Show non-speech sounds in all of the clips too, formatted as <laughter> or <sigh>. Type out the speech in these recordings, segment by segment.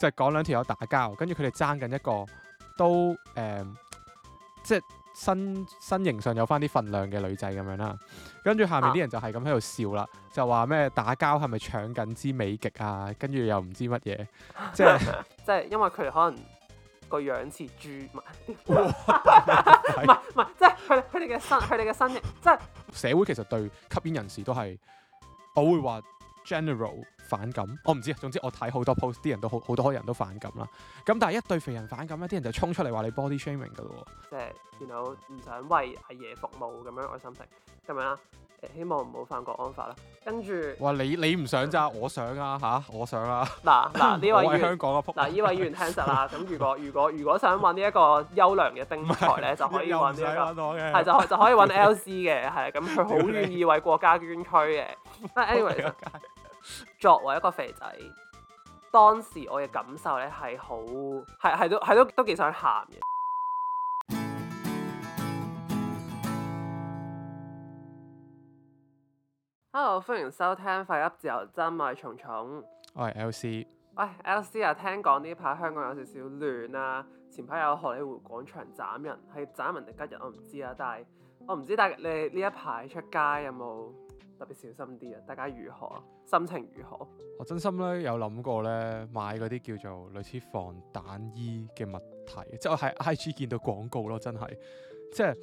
就係講兩條友打交，跟住佢哋爭緊一個都誒、呃，即係身身形上有返啲份量嘅女仔咁樣啦。跟住下面啲人就係咁喺度笑啦，就話咩打交係咪搶緊支美極啊？跟住又唔知乜嘢，即係即係因為佢哋可能個樣似豬，唔係唔係，即係佢佢哋嘅身佢哋嘅身形，即係 <laughs> 社會其實對吸煙人，人士都係，我會話 general。反感，我唔知，總之我睇好多 post，啲人都好好多人都反感啦。咁但係一對肥人反感咧，啲人就衝出嚟話你 body shaming 噶咯，即係見到唔想為阿爺服務咁樣我心城，咁樣啦，希望唔好犯國安法啦。跟住，哇，你你唔想咋，我想啊吓，我想啊。嗱嗱，呢位議員，嗱呢位議員聽實啦。咁如果如果如果想搵呢一個優良嘅兵台咧，就可以搵呢個，係就就可以搵 L C 嘅，係咁佢好願意為國家捐軀嘅。但係 anyway。作為一個肥仔，當時我嘅感受咧，係好係係都係都都幾想喊嘅。 <music> Hello，歡迎收聽噏乜春 <music> 自由真我係蟲蟲，我係 L C。喂，哎，L C 啊，聽講呢排香港有少少亂啊，前排有荷里活廣場斬人，係斬人定吉人我唔知啊，但係我唔知，但係你呢一排出街有冇？特別小心啲啊！大家如何？心情如何？我真心咧有諗過咧買嗰啲叫做類似防彈衣嘅物體，即係我喺 IG 見到廣告咯，真係即係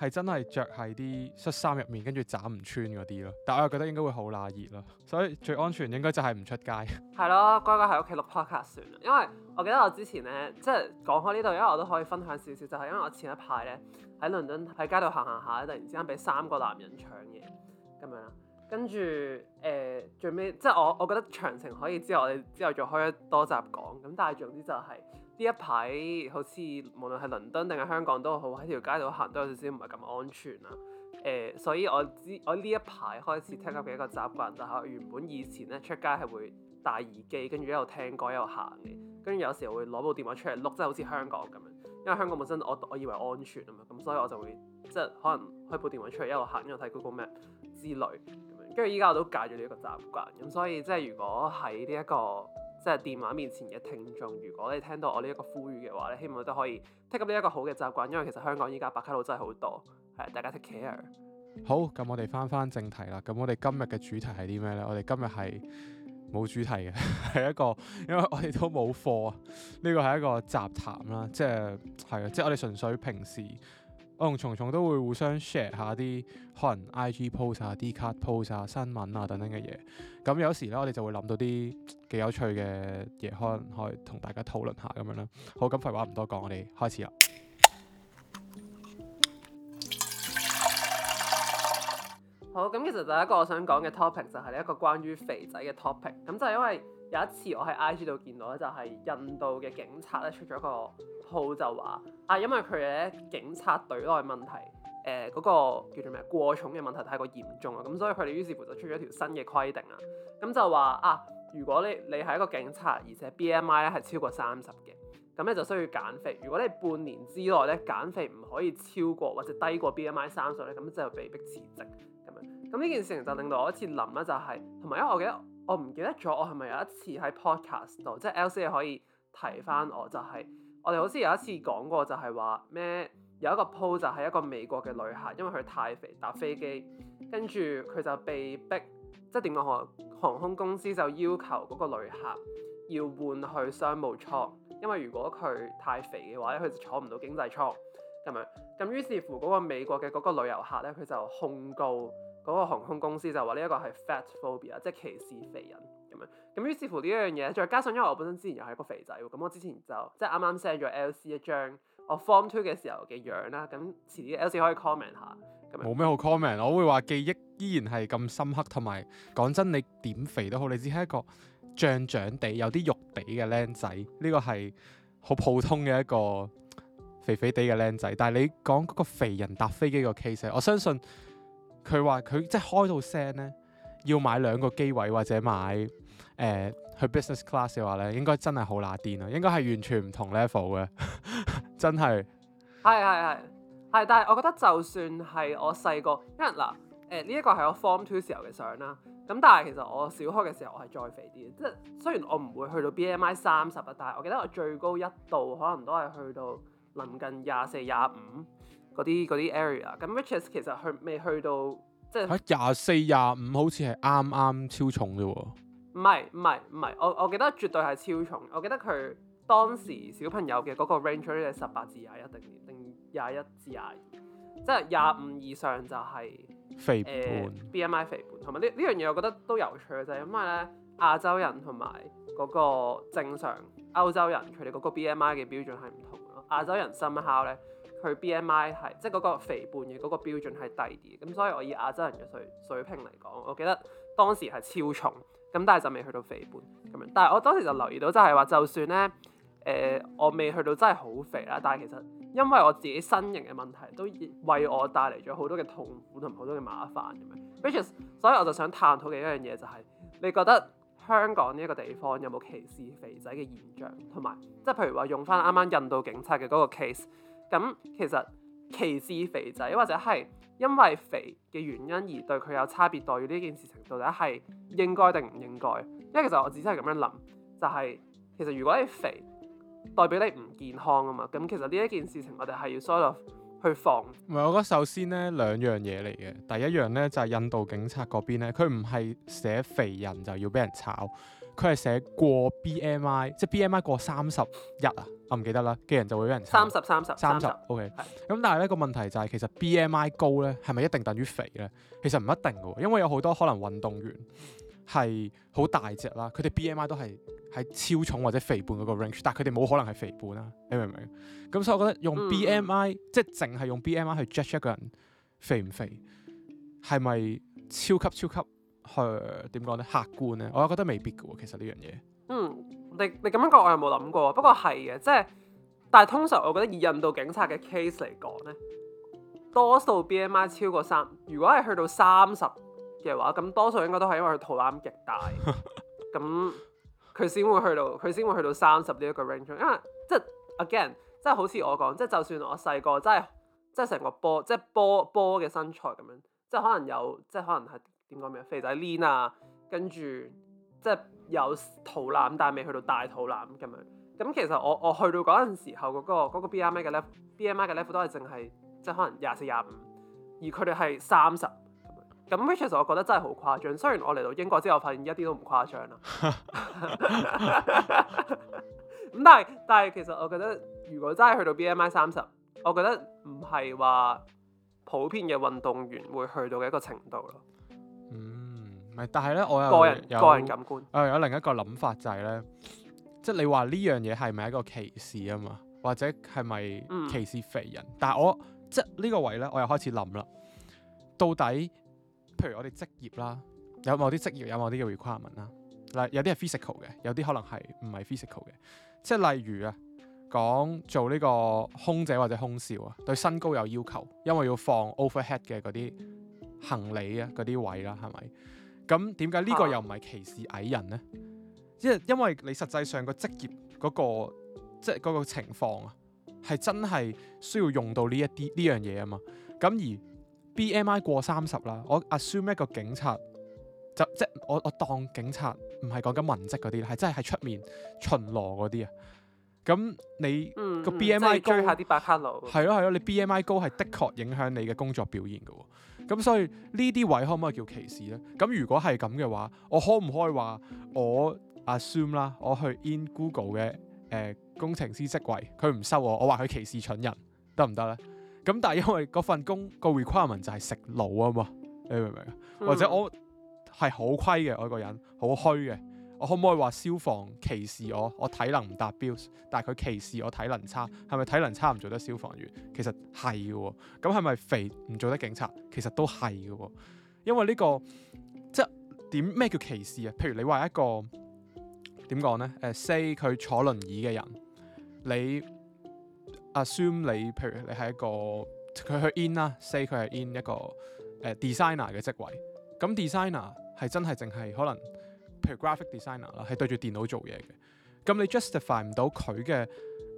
係真係着喺啲恤衫入面，跟住斬唔穿嗰啲咯。但係我又覺得應該會好乸熱咯，所以最安全應該就係唔出街。係咯，乖乖喺屋企錄 podcast 算啦。因為我記得我之前咧即係講開呢度，因為我都可以分享少少，就係、是、因為我前一排咧喺倫敦喺街度行行下，突然之間俾三個男人搶嘢。咁樣啦，跟住誒最尾即我我覺得詳情可以之後我哋之後再開多集講，咁但係總之就係、是、呢一排好似無論係倫敦定係香港都好，喺條街度行都有少少唔係咁安全啊。誒、呃，所以我知我呢一排開始聽到嘅一個習慣就係。原本以前咧出街係會戴耳機，跟住一路聽歌一路行嘅，跟住有時候會攞部電話出嚟碌，即好似香港咁樣，因為香港本身我我以為安全啊嘛，咁所以我就會即可能開部電話出嚟一路行一路睇 Google Map。之類咁樣，跟住依家我都戒咗呢一個習慣，咁、嗯、所以即係如果喺呢一個即係電話面前嘅聽眾，如果你聽到我呢一個呼籲嘅話咧，希望都可以 take 到呢一個好嘅習慣，因為其實香港依家白卡佬真係好多，係大家 take care。好，咁我哋翻翻正題啦，咁我哋今日嘅主題係啲咩呢？我哋今日係冇主題嘅，係一個因為我哋都冇課，呢、這個係一個雜談啦，即係係啊，即係我哋純粹平時。我同蟲蟲都會互相 share 下啲可能 IG post 啊、D 卡 post 啊、新聞啊等等嘅嘢。咁有時咧，我哋就會諗到啲幾有趣嘅嘢，可能可以同大家討論下咁樣啦。好，咁廢話唔多講，我哋開始啦。好，咁其實第一個我想講嘅 topic，就係呢一個關於肥仔嘅 topic。咁就係因為。有一次我喺 IG 度見到咧，就係印度嘅警察咧，出咗個 post，就話啊，因為佢哋咧警察隊內問題，誒、呃、嗰、嗰個叫做咩過重嘅問題太過嚴重啊，咁所以佢哋於是乎就出咗條新嘅規定啊，咁就話啊，如果你你係一個警察，而且 BMI 咧係超過三十嘅，咁咧就需要減肥。如果你半年之內咧減肥唔可以超過或者低過 BMI 三十咧，咁就被逼辭職咁樣。咁呢件事情就令到我一次諗咧、就是，就係同埋咧，我記得。我唔記得咗，我係咪有一次喺 podcast 度，即、就、係、是、l c i 可以提翻我，就係、是、我哋好似有一次講過就，就係話咩有一個 po 就係一個美國嘅旅客，因為佢太肥搭飛機，跟住佢就被逼，即係點講？航航空公司就要求嗰個旅客要換去商務艙，因為如果佢太肥嘅話咧，佢就坐唔到經濟艙咁樣。咁於是乎嗰個美國嘅嗰個旅遊客咧，佢就控告。嗰個航空公司就話呢一個係 fat phobia，即係歧視肥人咁樣。咁於是乎呢一樣嘢，再加上因為我本身之前又係一個肥仔，咁我之前就即係啱啱 send 咗 LC 一張我 Form Two 嘅時候嘅樣啦。咁遲啲 LC 可以 comment 下。冇咩好 comment，我會話記憶依然係咁深刻，同埋講真，你點肥都好，你只係一個脹脹地有啲肉地嘅靚仔，呢個係好普通嘅一個肥肥地嘅靚仔。但係你講嗰個肥人搭飛機個 case，我相信。佢話佢即係開到聲呢，要買兩個機位或者買誒、呃、去 business class 嘅話呢，應該真係好乸癲啊！應該係完全唔同 level 嘅，真係。係係係係，但係我覺得就算係我細個，因為嗱誒呢一個係我 form two 時候嘅相啦。咁但係其實我小學嘅時候我係再肥啲，嘅，即係雖然我唔會去到 BMI 三十啊，但係我記得我最高一度可能都係去到臨近廿四廿五。嗰啲嗰啲 area，咁 which is 其實去未去到即係，喺廿四廿五好似係啱啱超重嘅喎。唔係唔係唔係，我我記得絕對係超重。我記得佢當時小朋友嘅嗰個 range 咧係十八至廿一定定廿一至廿二，即係廿五以上就係、是、肥胖本、呃。BMI 肥胖，同埋呢呢樣嘢我覺得都有趣嘅，就係、是、因為咧亞洲人同埋嗰個正常歐洲人佢哋嗰個 BMI 嘅標準係唔同咯。亞洲人深高咧。佢 BMI 係即嗰個肥胖嘅嗰個標準係低啲，咁所以我以亞洲人嘅水水平嚟講，我記得當時係超重咁，但係就未去到肥胖咁樣。但係我當時就留意到就，就係話就算咧誒、呃，我未去到真係好肥啦，但係其實因為我自己身形嘅問題，都為我帶嚟咗好多嘅痛苦同埋好多嘅麻煩咁樣。which is 所以我就想探討嘅一樣嘢就係、是、你覺得香港呢一個地方有冇歧視肥仔嘅現象，同埋即譬如話用翻啱啱印度警察嘅嗰個 case。咁其實歧視肥仔或者係因為肥嘅原因而對佢有差別待遇呢件事情到底係應該定唔應該？因為其實我自己係咁樣諗，就係其實如果你肥，代表你唔健康啊嘛。咁其實呢一件事情我哋係要 sort of 去防。唔係，我覺得首先咧兩樣嘢嚟嘅，第一樣咧就係印度警察嗰邊咧，佢唔係寫肥人就要俾人炒。佢係寫過 BMI，即係 BMI 過三十日啊，我唔記得啦。嘅人就會俾人三十三十三十，OK。咁是、嗯、但係咧個問題就係、是、其實 BMI 高咧係咪一定等於肥咧？其實唔一定嘅，因為有好多可能運動員係好大隻啦，佢哋 BMI 都係喺超重或者肥胖嗰個 range，但係佢哋冇可能係肥胖啊，你明唔明？咁所以我覺得用 BMI，、嗯、即係淨係用 BMI 去 judge 一個人肥唔肥，係咪超級超級？去點講呢？客觀呢，我又覺得未必嘅喎。其實呢樣嘢，嗯，你你咁樣講，我又冇諗過。不過係嘅，即係，但係通常我覺得以印度警察嘅 case 嚟講呢，多數 BMI 超過三，如果係去到三十嘅話，咁多數應該都係因為佢肚腩極大，咁佢先會去到佢先會去到三十呢一個 range，因為即係 again，即係好似我講，即係就算我細個真係真成個波，即係波波嘅身材咁樣，即係可能有，即係可能係。點講咩啊？肥仔 line 啊，跟住即係有肚腩，但係未去到大肚腩咁樣。咁、嗯、其實我我去到嗰陣時候，那個，嗰個嗰個 B M I 嘅 level，B M I 嘅 level 都係淨係即係可能廿四廿五，而佢哋係三十咁。咁，which is 我覺得真係好誇張。雖然我嚟到英國之後，我發現一啲都唔誇張啦。咁 <laughs> <laughs> 但係但係其實我覺得如果真係去到 B M I 三十，我覺得唔係話普遍嘅運動員會去到嘅一個程度咯。嗯，咪但係咧，人我有個人個人感官，我有另一個諗法就係、是、咧，即、就、係、是、你話呢樣嘢係咪一個歧視啊嘛？或者係咪歧視肥人？嗯、但係我即係呢個位咧，我又開始諗啦。到底，譬如我哋職業啦，有冇啲職業，有冇啲 requirement 啦，嗱，有啲係 physical 嘅，有啲可能係唔係 physical 嘅，即係、就是、例如啊，講做呢個空姐或者空少啊，對身高有要求，因為要放 overhead 嘅嗰啲。行李啊，嗰啲位啦，係咪？咁點解呢個又唔係歧視矮人呢？因為、啊、因為你實際上個職業嗰、嗰個即係、就是、個情況啊，係真係需要用到呢一啲呢樣嘢啊嘛。咁而 B M I 過三十啦，我 assume 一個警察就即係、就是、我我當警察唔係講緊文職嗰啲，係真係喺出面巡邏嗰啲啊。咁你個 B M I 高下啲白卡路係咯係咯，你 B M I 高係的確影響你嘅工作表現噶、啊。咁所以呢啲位可唔可以叫歧視呢？咁如果係咁嘅話，我可唔可以話我 assume 啦，我去 in Google 嘅誒、呃、工程師職位，佢唔收我，我話佢歧視蠢人，得唔得呢？咁但係因為嗰份工個 requirement 就係食腦啊嘛，你明唔明？嗯、或者我係好虧嘅我個人，好虛嘅。我可唔可以話消防歧視我？我體能唔達標，但係佢歧視我體能差，係咪體能差唔做得消防員？其實係嘅喎。咁係咪肥唔做得警察？其實都係嘅喎。因為呢個即係點咩叫歧視啊？譬如你話一個點講呢誒，say 佢坐輪椅嘅人，你 assume 你譬如你係一個佢去 in 啦，say 佢係 in 一個誒 designer 嘅職位，咁 designer 係真係淨係可能。譬如 graphic designer 啦，係對住電腦做嘢嘅，咁你 justify 唔到佢嘅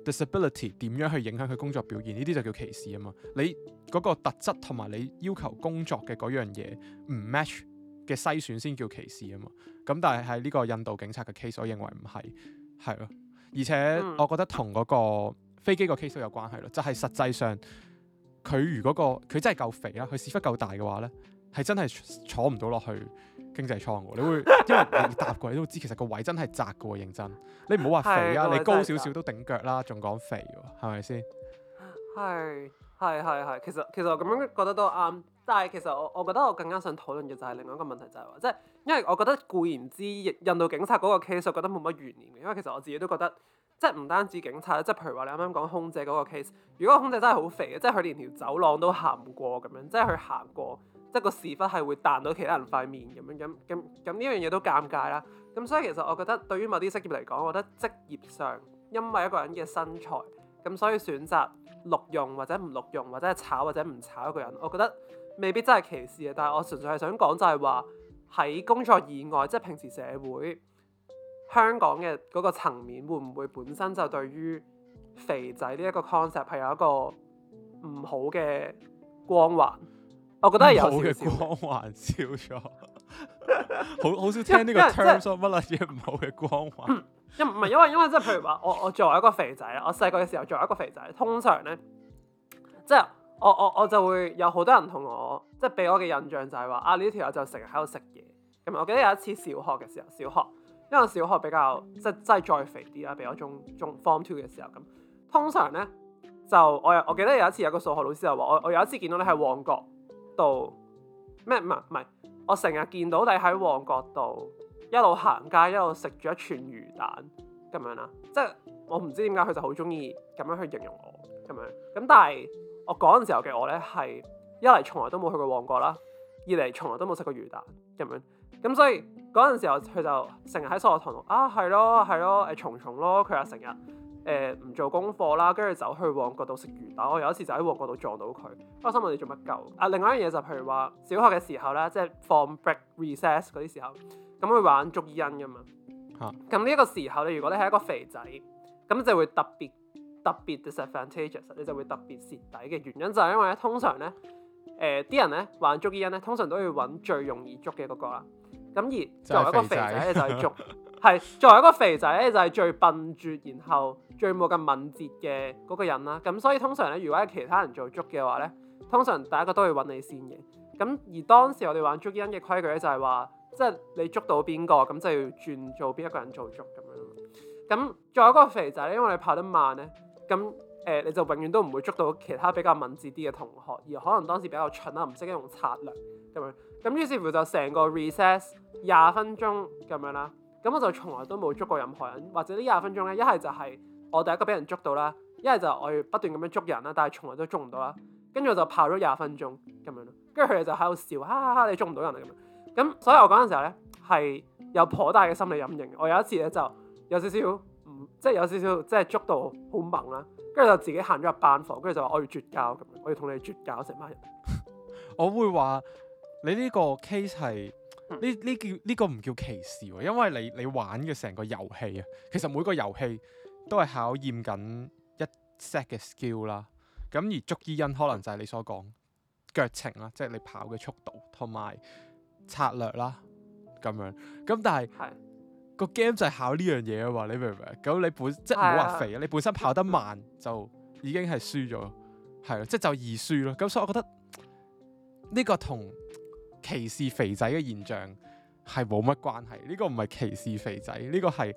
disability 點樣去影響佢工作表現，呢啲就叫歧視啊嘛！你嗰個特質同埋你要求工作嘅嗰樣嘢唔 match 嘅篩選先叫歧視啊嘛！咁但係喺呢個印度警察嘅 case，我認為唔係，係咯，而且我覺得同嗰個飛機個 case 都有關係咯，就係、是、實際上佢如果、嗰個佢真係夠肥啦，佢屎忽夠大嘅話咧，係真係坐唔到落去。經濟艙喎， <laughs> 你會因為搭過你都知，其實個位真係窄嘅喎，認真。你唔好話肥啊，你高少少都頂腳啦，仲講肥喎，係咪先？係係係係，其實其實我咁樣覺得都啱，但係其實我我覺得我更加想討論嘅就係另外一個問題，就係話即係，因為我覺得固然之，印度警察嗰個 case，我覺得冇乜懸念嘅，因為其實我自己都覺得，即係唔單止警察咧，即係譬如話你啱啱講空姐嗰個 case，如果空姐真係好肥嘅，即係佢連條走廊都行唔過咁樣，即係佢行過。就是即係個屎忽係會彈到其他人塊面咁樣，咁咁咁呢樣嘢都尷尬啦。咁所以其實我覺得，對於某啲職業嚟講，我覺得職業上因為一個人嘅身材，咁所以選擇錄用或者唔錄用，或者係炒或者唔炒一個人，我覺得未必真係歧視嘅。但係我純粹係想講，就係話喺工作以外，即係平時社會香港嘅嗰個層面，會唔會本身就對於肥仔呢一個 concept 係有一個唔好嘅光環？我覺得係有好嘅光環少咗， <laughs> <laughs> 好好少聽呢個 terms 乜啦，即係唔好嘅光環。一唔係因為因為即係譬如話，我我作為一個肥仔，我細個嘅時候作為一個肥仔，通常咧即係我我我就會有好多人同我即係俾我嘅印象就係話啊，呢條友就成日喺度食嘢咁。我記得有一次小學嘅時候，小學因為小學比較即係即係再肥啲啦，比我中中，中 form two 嘅時候咁。通常咧就我我記得有一次有個數學老師就話我，我有一次見到你喺旺角。度咩，唔係唔係？我成日見到你喺旺角度一路行街，一路食住一串魚蛋咁樣啦。即係我唔知點解佢就好中意咁樣去形容我咁樣咁。但係我嗰陣時候嘅我咧，係一嚟從來都冇去過旺角啦，二嚟從來都冇食過魚蛋咁樣咁，樣所以嗰陣時候佢就成日喺數學堂度，啊，係咯係咯誒，蟲蟲咯佢又成日。誒唔、呃、做功課啦，跟住走去旺角度食魚蛋，我有一次就喺旺角度撞到佢，我心問你做乜鳩？啊，另外一樣嘢就譬如話，小學嘅時候咧，即係放 break recess 嗰啲時候，咁佢玩捉伊人嘅嘛嚇。咁呢一個時候咧，如果你係一個肥仔，咁就會特別特別 disadvantageous，你就會特別蝕底嘅原因就係、是、因為咧，通常咧誒啲人咧玩捉伊人咧，通常都要揾最容易捉嘅嗰個啦。咁而作為一個肥仔，你就去捉。 <laughs> 係，作為一個肥仔咧，就係、是、最笨拙，然後最冇咁敏捷嘅嗰個人啦。咁所以通常咧，如果係其他人做捉嘅話咧，通常第一個都會揾你先嘅。咁而當時我哋玩捉伊人嘅規矩咧，就係話即係你捉到邊個咁就要轉做邊一個人做捉咁樣。咁作為一個肥仔咧，因為你跑得慢咧，咁誒、呃、你就永遠都唔會捉到其他比較敏捷啲嘅同學，而可能當時比較蠢啦，唔識得用策略咁樣。咁於是乎就成個 recess 廿分鐘咁樣啦。咁我就從來都冇捉過任何人，或者呢廿分鐘咧，一係就係我第一個俾人捉到啦，一係就我要不斷咁樣捉人啦，但係從來都捉唔到啦，跟住我就跑咗廿分鐘咁樣咯，跟住佢哋就喺度笑，哈哈哈，你捉唔到人啊咁樣，咁所以我嗰陣時候咧係有頗大嘅心理陰影。我有一次咧就有少少唔、嗯，即係有少少即係捉到好猛啦，跟住就自己行咗入班房，跟住就話我要絕交咁樣，我要同你絕交成班人。 <laughs> 我會話你呢個 case 係。呢呢叫呢、呢個唔叫歧視喎，因為你你玩嘅成個遊戲啊，其實每個遊戲都係考驗緊一 set 嘅 skill 啦。咁而捉衣因可能就係你所講腳程啦，即係你跑嘅速度同埋策略啦咁樣。咁但係的個 game 就係考呢樣嘢啊嘛，你明唔明？咁你本即係唔好話肥啊，的你本身跑得慢就已經係輸咗，係啊， <laughs> 即係就易輸咯。咁所以我覺得呢、呢個同。歧視肥仔嘅現象係冇乜關係，呢個唔係歧視肥仔，呢個係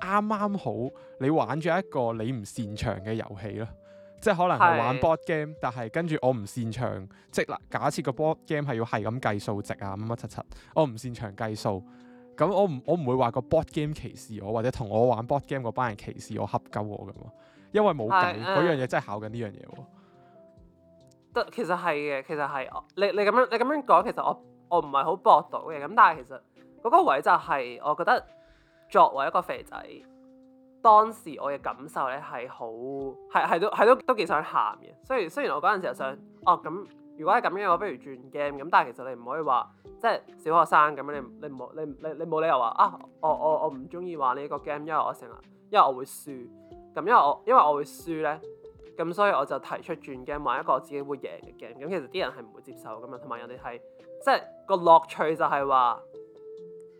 啱啱好你玩咗一個你唔擅長嘅遊戲咯，即係可能我玩 board game，但係跟住我唔擅長，即係嗱，假設個 board game 係要係咁計數值啊乜乜七七，我唔擅長計數，咁我唔我唔會話個 board game 歧視我，或者同我玩 board game 嗰班人歧視我、恰鳩我咁啊，因為冇計嗰樣嘢真係考緊呢樣嘢。得，其實係嘅，其實係。你你咁樣你咁樣講，其實我我唔係好駁到嘅。咁但係其實嗰個位就係我覺得作為一個肥仔，當時我嘅感受咧係好係係都係都都幾想喊嘅。雖然雖然我嗰陣時候想哦咁，如果係咁樣我不如轉 game。咁但係其實你唔可以話即係小學生咁樣，你你唔好你你冇理由話啊我我我唔中意玩呢個 game，因為我成日，因為我會輸。咁因為我因為我會輸咧。呢咁所以我就提出轉 game 玩一個自己會贏嘅 game。咁其實啲人係唔會接受噶嘛，同埋人哋係即係、個樂趣就係話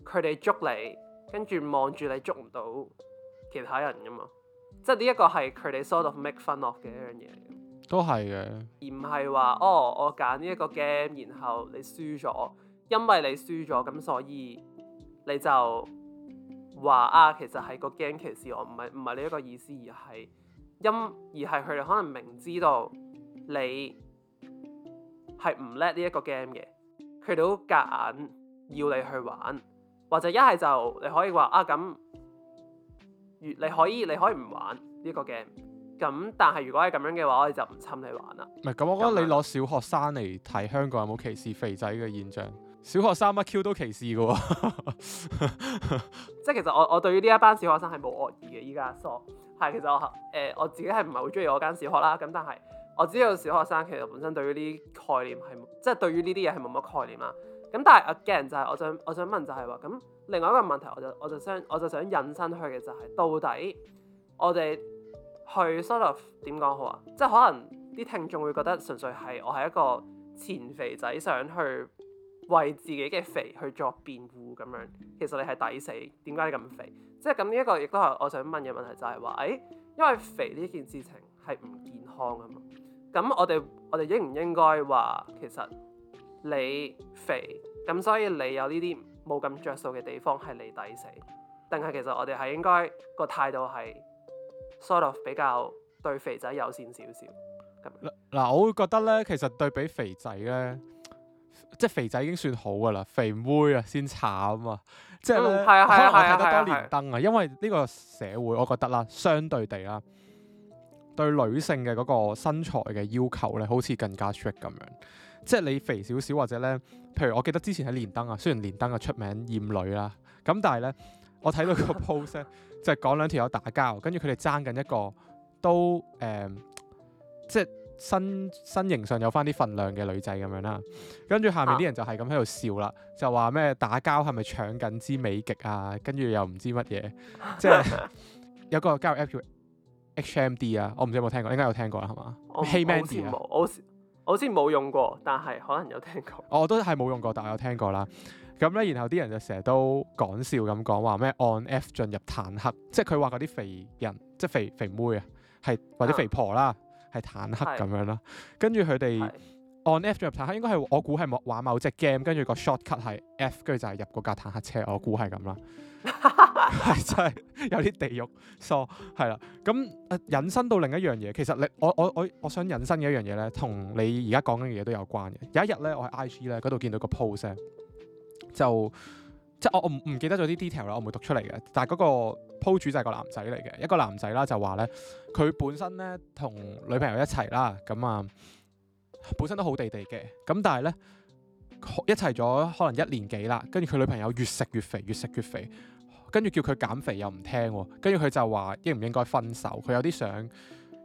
佢哋捉你，跟住望住你捉唔到其他人噶嘛。即係呢一個係佢哋 sort of make fun of 嘅一樣嘢。都係嘅，而唔係話哦，我揀呢一個 game，然後你輸咗，因為你輸咗，咁所以你就話啊，其實係個 game 歧視我，唔係唔係呢一個意思，而係。因而係佢哋可能明知道你係唔叻呢一個 game 嘅，佢哋都夾硬要你去玩，或者一係就你可以話啊咁，你可以你可以唔玩呢個 game，咁但係如果係咁樣嘅話，我哋就唔侵你玩啦。唔係，咁我覺得你攞小學生嚟睇香港有冇歧視肥仔嘅現象。小學生乜 q 都歧視嘅喎，即係其實我我對於呢一班小學生係冇惡意嘅。依家，so 係其實我誒、呃、我自己係唔係好中意我間小學啦。咁但係我知道小學生其實本身對於呢啲概念係即係對於呢啲嘢係冇乜概念啦。咁但係 again 就係我想我想問就係話咁另外一個問題我，我就我就想我就想引申去嘅就係、是、到底我哋去 sort of 點講好啊？即、就、係、是、可能啲聽眾會覺得純粹係我係一個前肥仔想去，為自己嘅肥去作辯護咁樣，其實你係抵死。點解你咁肥？即係咁呢一個，亦都係我想問嘅問題、就是，就係話，誒，因為肥呢件事情係唔健康啊嘛。咁我哋我哋應唔應該話，其實你肥，咁所以你有呢啲冇咁着數嘅地方係你抵死，定係其實我哋係應該、那個態度係，sorry 比較對肥仔友善少少。咁嗱，我會覺得咧，其實對比肥仔咧。即係肥仔已經算好噶啦，肥妹啊先慘啊！即係、嗯、可能我睇得多連登啊，是是是因為呢個社會，我覺得啦，是是是相對地啦，對女性嘅嗰個身材嘅要求咧，好似更加 strict 咁樣。即係你肥少少或者咧，譬如我記得之前喺連登啊，雖然連登啊出名厭女啦，啊，咁但係咧，我睇到個 post 即係講兩條友打交，跟住佢哋爭緊一個都誒、呃，即係。新身形上有翻啲份量嘅女仔咁樣啦，跟住下面啲人就係咁喺度笑啦，就話咩打交係咪搶緊支美極啊？跟住、啊啊、又唔知乜嘢， <laughs> 即係有個交友 app 叫 HMD 啊，我唔知有冇聽過，應該有聽過啦係嘛？HeyMandi，我我之前冇用過，但係可能有聽過。哦、我都係冇用過，但係有聽過啦。咁咧，然後啲人就成日都講笑咁講話咩按 F 進入坦克，即係佢話嗰啲肥人，即係肥肥妹啊，係或者肥婆啦。啊係坦克咁樣啦，跟住佢哋按 F 進入坦克，應該係我估係玩某隻 game，跟住個 shortcut 係 F，跟住就係入嗰架坦克車，我估係咁啦，係真係有啲地獄 so 係啦，咁、呃、引申到另一樣嘢，其實你我我我我想引申嘅一樣嘢咧，同你而家講緊嘅嘢都有關嘅。有一日咧，我喺 IG 咧嗰度見到個 post 咧，就。即係我唔唔記得咗啲 detail 啦，我唔會讀出嚟嘅。但係嗰個 po 主就係個男仔嚟嘅，一個男仔啦就話呢：「佢本身呢，同女朋友一齊啦，咁啊本身都好地地嘅，咁但係呢，一齊咗可能一年幾啦，跟住佢女朋友越食越肥，越食越肥，跟住叫佢減肥又唔聽，跟住佢就話應唔應該分手，佢有啲想。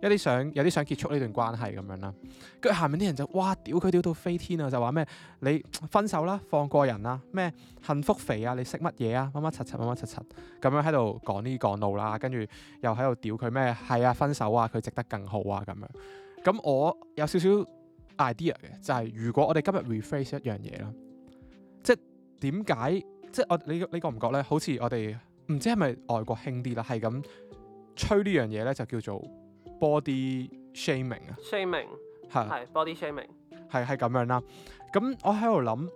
一啲想有啲想結束呢段關係咁樣啦，跟住下面啲人就哇屌佢屌，屌到飛天啊！就話咩你分手啦，放過人啦，咩幸福肥啊，你識乜嘢啊？乜乜柒柒，乜乜柒柒咁樣喺度講呢啲講路啦，跟住又喺度屌佢咩係啊，分手啊，佢值得更好啊咁樣。咁我有少少 idea 嘅，就係、是、如果我哋今日 rephrase 一樣嘢啦，即係點解即係我你你覺唔覺咧？好似我哋唔知係咪外國興啲啦，係咁吹呢樣嘢咧，就叫做。body shaming shaming 啊，shaming 係係 body shaming 係係咁樣啦、啊。咁我喺度諗，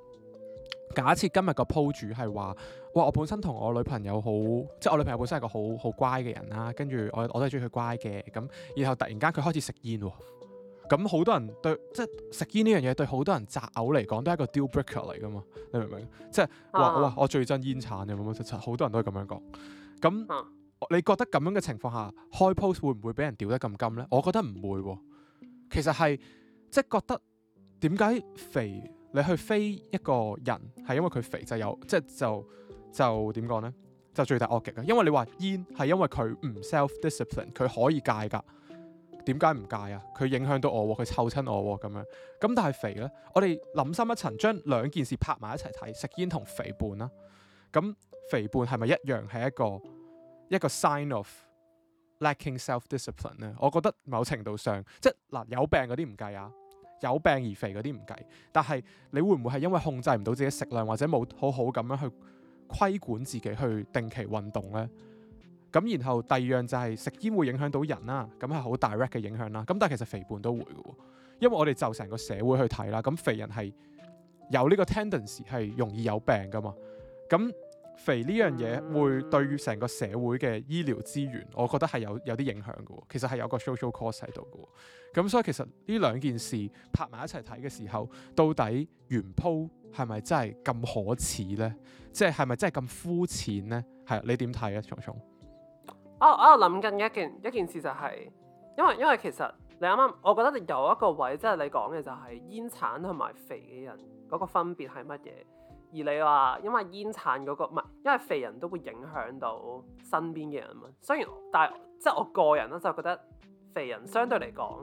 假設今日個 po 主係話，哇！我本身同我女朋友好，即係我女朋友本身係個好好乖嘅人啦、啊。跟住我我都係中意佢乖嘅。咁然後突然間佢開始食煙喎、啊。咁好多人對即係食煙呢樣嘢對好多人擇偶嚟講都係一個 deal breaker 嚟噶嘛。你明唔明？即係話話我最憎煙殘你冇冇錯錯。好多人都係咁樣講。咁你覺得咁樣嘅情況下開 post 會唔會俾人屌得咁甘呢？我覺得唔會喎、啊。其實係即係覺得點解肥你去飛一個人係因為佢肥就有即係就就點講呢？就最大惡極啊！因為你話煙係因為佢唔 self discipline，佢可以戒㗎。點解唔戒啊？佢影響到我，佢臭親我咁樣咁，但係肥呢，我哋諗深一層，將兩件事拍埋一齊睇，食煙同肥胖啦。咁肥胖係咪一樣係一個？一個 sign of lacking self-discipline 咧，我覺得某程度上，即嗱有病嗰啲唔計啊，有病而肥嗰啲唔計，但係你會唔會係因為控制唔到自己食量，或者冇好好咁樣去規管自己，去定期運動呢？咁然後第二樣就係食煙會影響到人啦，咁係好 direct 嘅影響啦。咁但係其實肥胖都會嘅喎，因為我哋就成個社會去睇啦，咁肥人係有呢個 tendency 係容易有病㗎嘛，咁。肥呢樣嘢會對於成個社會嘅醫療資源，我覺得係有有啲影響嘅。其實係有個 social cost 喺度嘅。咁所以其實呢兩件事拍埋一齊睇嘅時候，到底原鋪係咪真係咁可恥呢？即係係咪真係咁膚淺呢？係啊，你點睇啊？蟲蟲，oh, oh, 我我諗緊一件一件事就係、是，因為因為其實你啱啱，我覺得你有一個位，即、就、係、是、你講嘅就係煙鏟同埋肥嘅人嗰、那個分別係乜嘢？而你話，因為煙鏟嗰、那個唔係，因為肥人都會影響到身邊嘅人嘛。雖然，但係即係我個人咧，就覺得肥人相對嚟講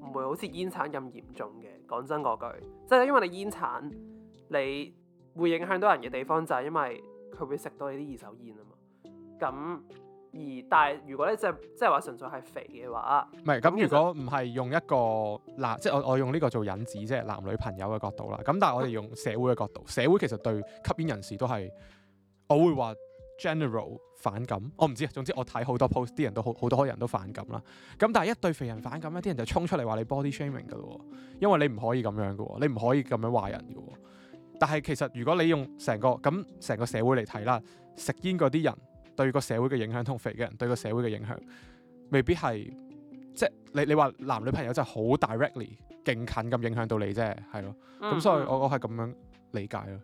唔會好似煙鏟咁嚴重嘅。講真嗰句，即係因為你煙鏟，你會影響到人嘅地方就係、是、因為佢會食到你啲二手煙啊嘛。咁而但係，如果咧即係即係話純粹係肥嘅話，唔係咁。如果唔係用一個男，即係我我用呢個做引子，即係男女朋友嘅角度啦。咁但係我哋用社會嘅角度，社會其實對吸煙人士都係我會話 general 反感。我唔知啊，總之我睇好多 post，啲人都好好多人都反感啦。咁但係一對肥人反感一啲人就衝出嚟話你 body shaming 㗎咯，因為你唔可以咁樣嘅喎，你唔可以咁樣話人嘅喎。但係其實如果你用成個咁成個社會嚟睇啦，食煙嗰啲人，對個社會嘅影響同肥嘅人對個社會嘅影響，未必係即係你你話男女朋友就好 directly 勁近咁影響到你啫，係咯，咁、嗯、所以我、嗯、我係咁樣理解咯。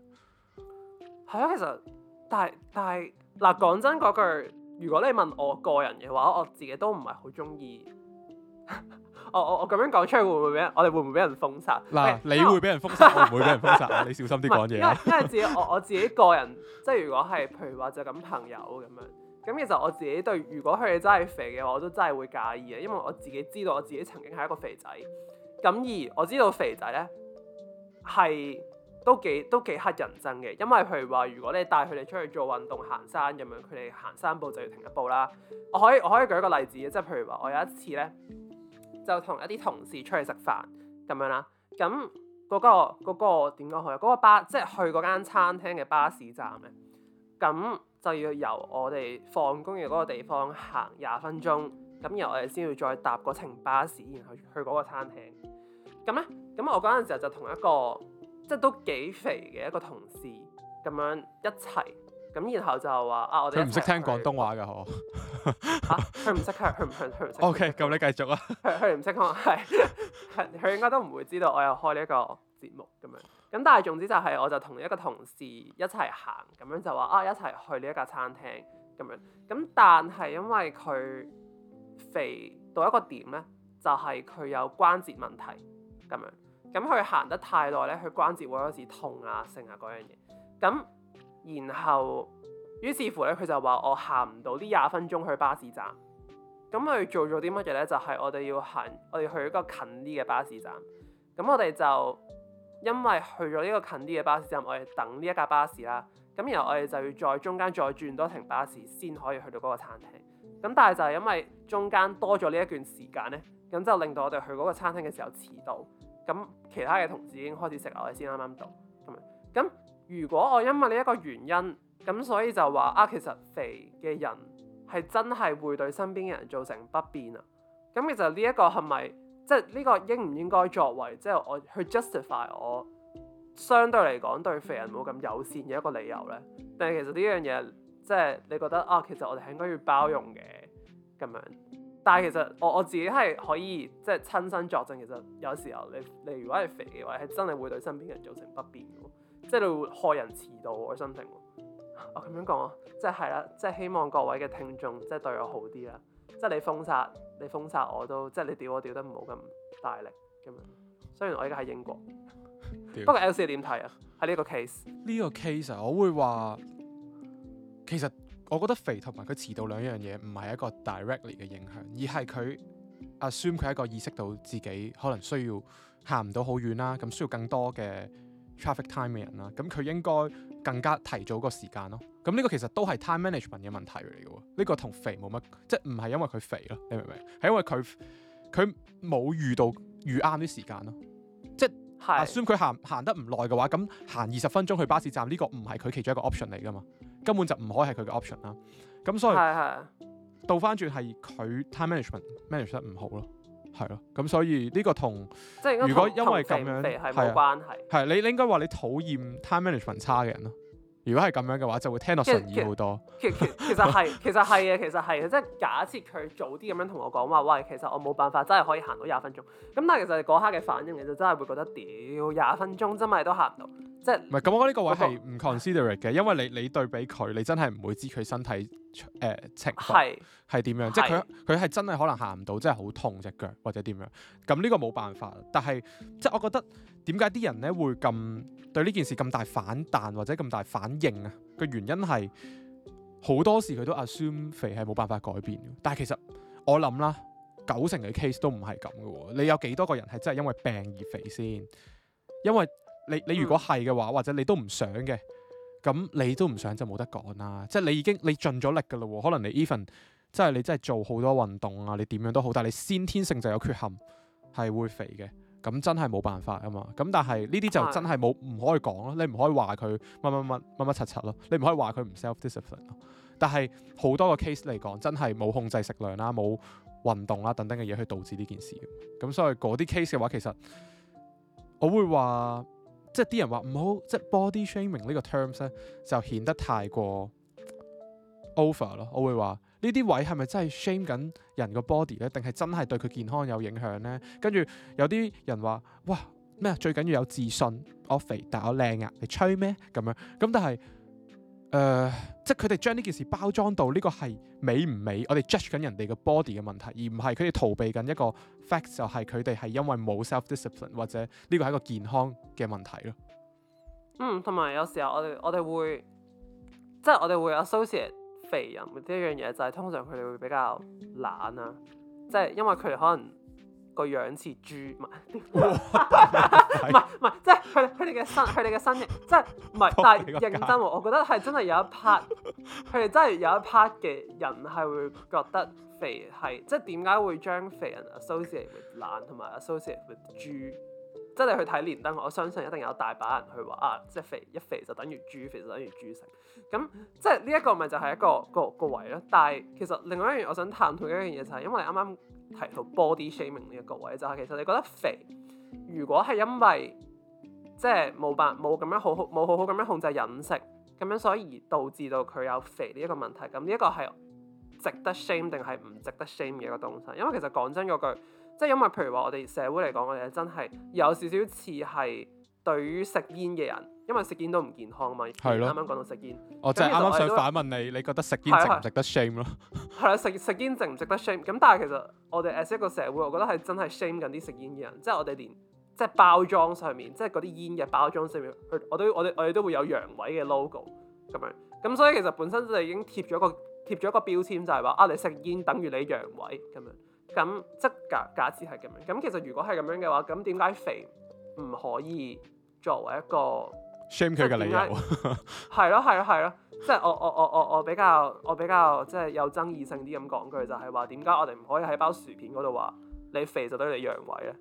係啊，其實但係但係嗱，講真嗰句，如果你問我個人嘅話，我自己都唔係好中意。 <laughs> 我我我咁樣講出去會唔會俾人？我哋會唔會俾人封殺？嗱，okay，你會俾人封殺，我唔會俾人封殺啊。 <laughs> 你小心啲講嘢。因為因為自己我我自己個人，即係如果係譬如話就咁朋友咁樣，咁其實我自己對如果佢哋真係肥嘅話，我都真係會介意嘅，因為我自己知道我自己曾經係一個肥仔。咁而我知道肥仔咧係都幾都幾乞人憎嘅，因為譬如話，如果你帶佢哋出去做運動、行山咁樣，佢哋行三步就要停一步啦。我可以我可以舉一個例子，即係譬如話，我有一次咧。就同一啲同事出去食飯咁樣啦，咁嗰個嗰個點講好咧？嗰個巴即係去嗰間餐廳嘅巴士站嘅，咁就要由我哋放工嘅嗰個地方行廿分鐘，咁然後我哋先要再搭嗰程巴士，然後去嗰個餐廳。咁咧，咁我嗰陣時候就同一個即係都幾肥嘅一個同事咁樣一齊。咁然後就係話啊，我哋佢唔識聽廣東話嘅，可嚇？佢唔識佢，佢唔佢唔識。O K，咁你繼續啊。佢唔識講，係佢佢應該都唔會知道我有開呢一個節目咁樣。咁但係總之就係，我就同一個同事一齊行咁樣、啊、樣，就話啊一齊去呢一家餐廳咁樣。咁但係因為佢肥到一個點咧，就係、是、佢有關節問題咁樣。咁佢行得太耐咧，佢關節會有時痛啊、成啊嗰樣嘢。咁然後，於是乎咧，佢就話我行唔到呢廿分鐘去巴士站。咁佢做咗啲乜嘢咧？就係我哋要行，我哋去一個近啲嘅巴士站。咁我哋就因為去咗呢個近啲嘅巴士站，我哋等呢一架巴士啦。咁然後我哋就要再中間再轉多程巴士，先可以去到嗰個餐廳。咁但係就係因為中間多咗呢一段時間咧，咁就令到我哋去嗰個餐廳嘅時候遲到。咁其他嘅同事已經開始食，我哋先啱啱到。咁。如果我因為呢一個原因咁，所以就話啊，其實肥嘅人係真係會對身邊嘅人造成不便啊。咁其實呢一個係咪即係呢個應唔應該作為即係、就是、我去 justify 我相對嚟講對肥人冇咁友善嘅一個理由呢？定係其實呢樣嘢即係你覺得啊，其實我哋係應該要包容嘅咁樣。但係其實我我自己係可以即係親身作證，其實有時候你你如果係肥嘅話，係真係會對身邊嘅人造成不便。即係你害人遲到嘅心情，我、哦、咁樣講，即係啦，即係希望各位嘅聽眾即係對我好啲啦，即係你封殺你封殺我都，即係你屌我屌得唔好咁大力咁樣。雖然我而家喺英國， <laughs> 不過 L C 點睇啊？喺呢個 case 呢個 case，我會話其實我覺得肥同埋佢遲到兩樣嘢唔係一個 directly 嘅影響，而係佢 assume 佢係一個意識到自己可能需要行唔到好遠啦，咁需要更多嘅。traffic time 嘅人啦，咁佢應該更加提早個時間咯。咁呢個其實都係 time management 嘅問題嚟嘅。呢個同肥冇乜，即係唔係因為佢肥咯，你明唔明？係因為佢佢冇遇到遇啱啲時間咯。即係，就算佢行行得唔耐嘅話，咁行二十分鐘去巴士站，呢個唔係佢其中一個 option 嚟噶嘛，根本就唔可以係佢嘅 option 啦。咁所以，係係倒翻轉係佢 time management management 唔好咯。係咯，咁所以呢個同，即係如果因為咁樣肥肥冇關係，係你你應該話你討厭 time management 差嘅人咯。如果係咁樣嘅話，就會聽落順耳好多。其實其其實係其實係嘅，其實係嘅。即係假設佢早啲咁樣同我講話，喂，其實我冇辦法真係可以行到廿分鐘。咁但係其實嗰刻嘅反應其實真係會覺得屌，廿分鐘真係都行唔到。唔係，咁我覺得呢個位係唔 considerate 嘅，因為你你對比佢，你真係唔會知佢身體誒情況係點樣，即係佢佢係真係可能行唔到，真係好痛隻腳或者點樣。咁呢個冇辦法，但係即係我覺得點解啲人咧會咁對呢件事咁大反彈或者咁大反應啊？個原因係好多時佢都 assume 肥係冇辦法改變，但係其實我諗啦，九成嘅 case 都唔係咁嘅喎。你有幾多個人係真係因為病而肥先？因為你你如果係嘅話，或者你都唔想嘅，咁你都唔想就冇得講啦。即係你已經你盡咗力噶啦，可能你 even 即係你真係做好多運動啊，你點樣都好，但係你先天性就有缺陷，係會肥嘅，咁真係冇辦法啊嘛。咁但係呢啲就真係冇唔可以講咯，你唔可以話佢乜乜乜乜乜柒柒咯，你唔可以話佢唔 self discipline 咯。但係好多個 case 嚟講，真係冇控制食量啦，冇運動啦等等嘅嘢，去導致呢件事。咁所以嗰啲 case 嘅話，其實我會話。即係啲人話唔好，即係 body shaming 呢個 terms 咧，就顯得太過 over 咯。我會話呢啲位係咪真係 shame 緊人個 body 咧？定係真係對佢健康有影響咧？跟住有啲人話哇咩啊，最緊要有自信，我肥但我靚啊，你吹咩咁樣？咁但係誒。呃即係佢哋將呢件事包裝到呢個係美唔美？我哋 judge 緊人哋嘅 body 嘅問題，而唔係佢哋逃避緊一個 facts，就係佢哋係因為冇 self discipline 或者呢個係一個健康嘅問題咯。嗯，同埋有時候我哋我哋會即係我哋會 associate 肥人呢一樣嘢，就係通常佢哋會比較懶啊，即係因為佢哋可能。個樣似豬，唔係唔係，即係佢佢哋嘅身佢哋嘅身形，即係唔係。但係認真，我覺得係真係有一 part，佢哋真係有一 part 嘅人係會覺得肥係即係點解會將肥人 associate with 懶，同埋 associate with 豬，即係你去睇連登，我相信一定有大把人去話啊，即係肥一肥就等於豬，肥就等於豬食。咁即係呢一個咪就係一個個個位咯。但係其實另外一樣我想探討嘅一樣嘢就係因為啱啱。提到 body shaming 呢一個位，就係其實你覺得肥，如果係因為即係冇辦冇咁樣好好冇好好咁樣控制飲食，咁樣所以而導致到佢有肥呢一個問題，咁呢一個係值得 shame 定係唔值得 shame 嘅一個東西，因為其實講真嗰句，即係因為譬如話我哋社會嚟講，我哋真係有少少似係對於食煙嘅人。因為食煙都唔健康嘛，啱啱講到食煙，的我即係啱啱想反問你，你覺得食煙值唔值得 shame 咯？係啦，食食煙值唔值得 shame？咁 <laughs> 但係其實我哋 as 一個社會，我覺得係真係 shame 緊啲食煙嘅人，即係我哋連即係包裝上面，即係嗰啲煙嘅包裝上面，我都我哋我哋都會有陽痿嘅 logo 咁樣，咁所以其實本身就已經貼咗個貼咗一個標籤，就係話啊，你食煙等於你陽痿咁樣，咁即假假設係咁樣，咁其實如果係咁樣嘅話，咁點解肥唔可以作為一個？shame 佢嘅理由 <laughs> 係咯係咯係咯，即係我我我我我比較我比較即係有爭議性啲咁講句，就係話點解我哋唔可以喺包薯片嗰度話你肥就等於你陽痿咧？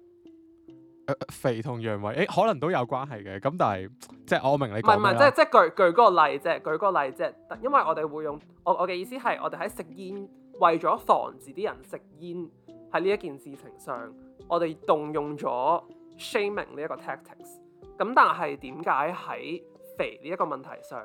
肥同陽痿誒，可能都有關係嘅，咁但係即我明你唔係唔係即係即係舉舉個例啫，舉個例啫，因為我哋會用我我嘅意思係，我哋喺食煙為咗防止啲人食煙，喺呢一件事情上，我哋動用咗 shaming 呢一個 tactics。咁但係點解喺肥呢一個問題上，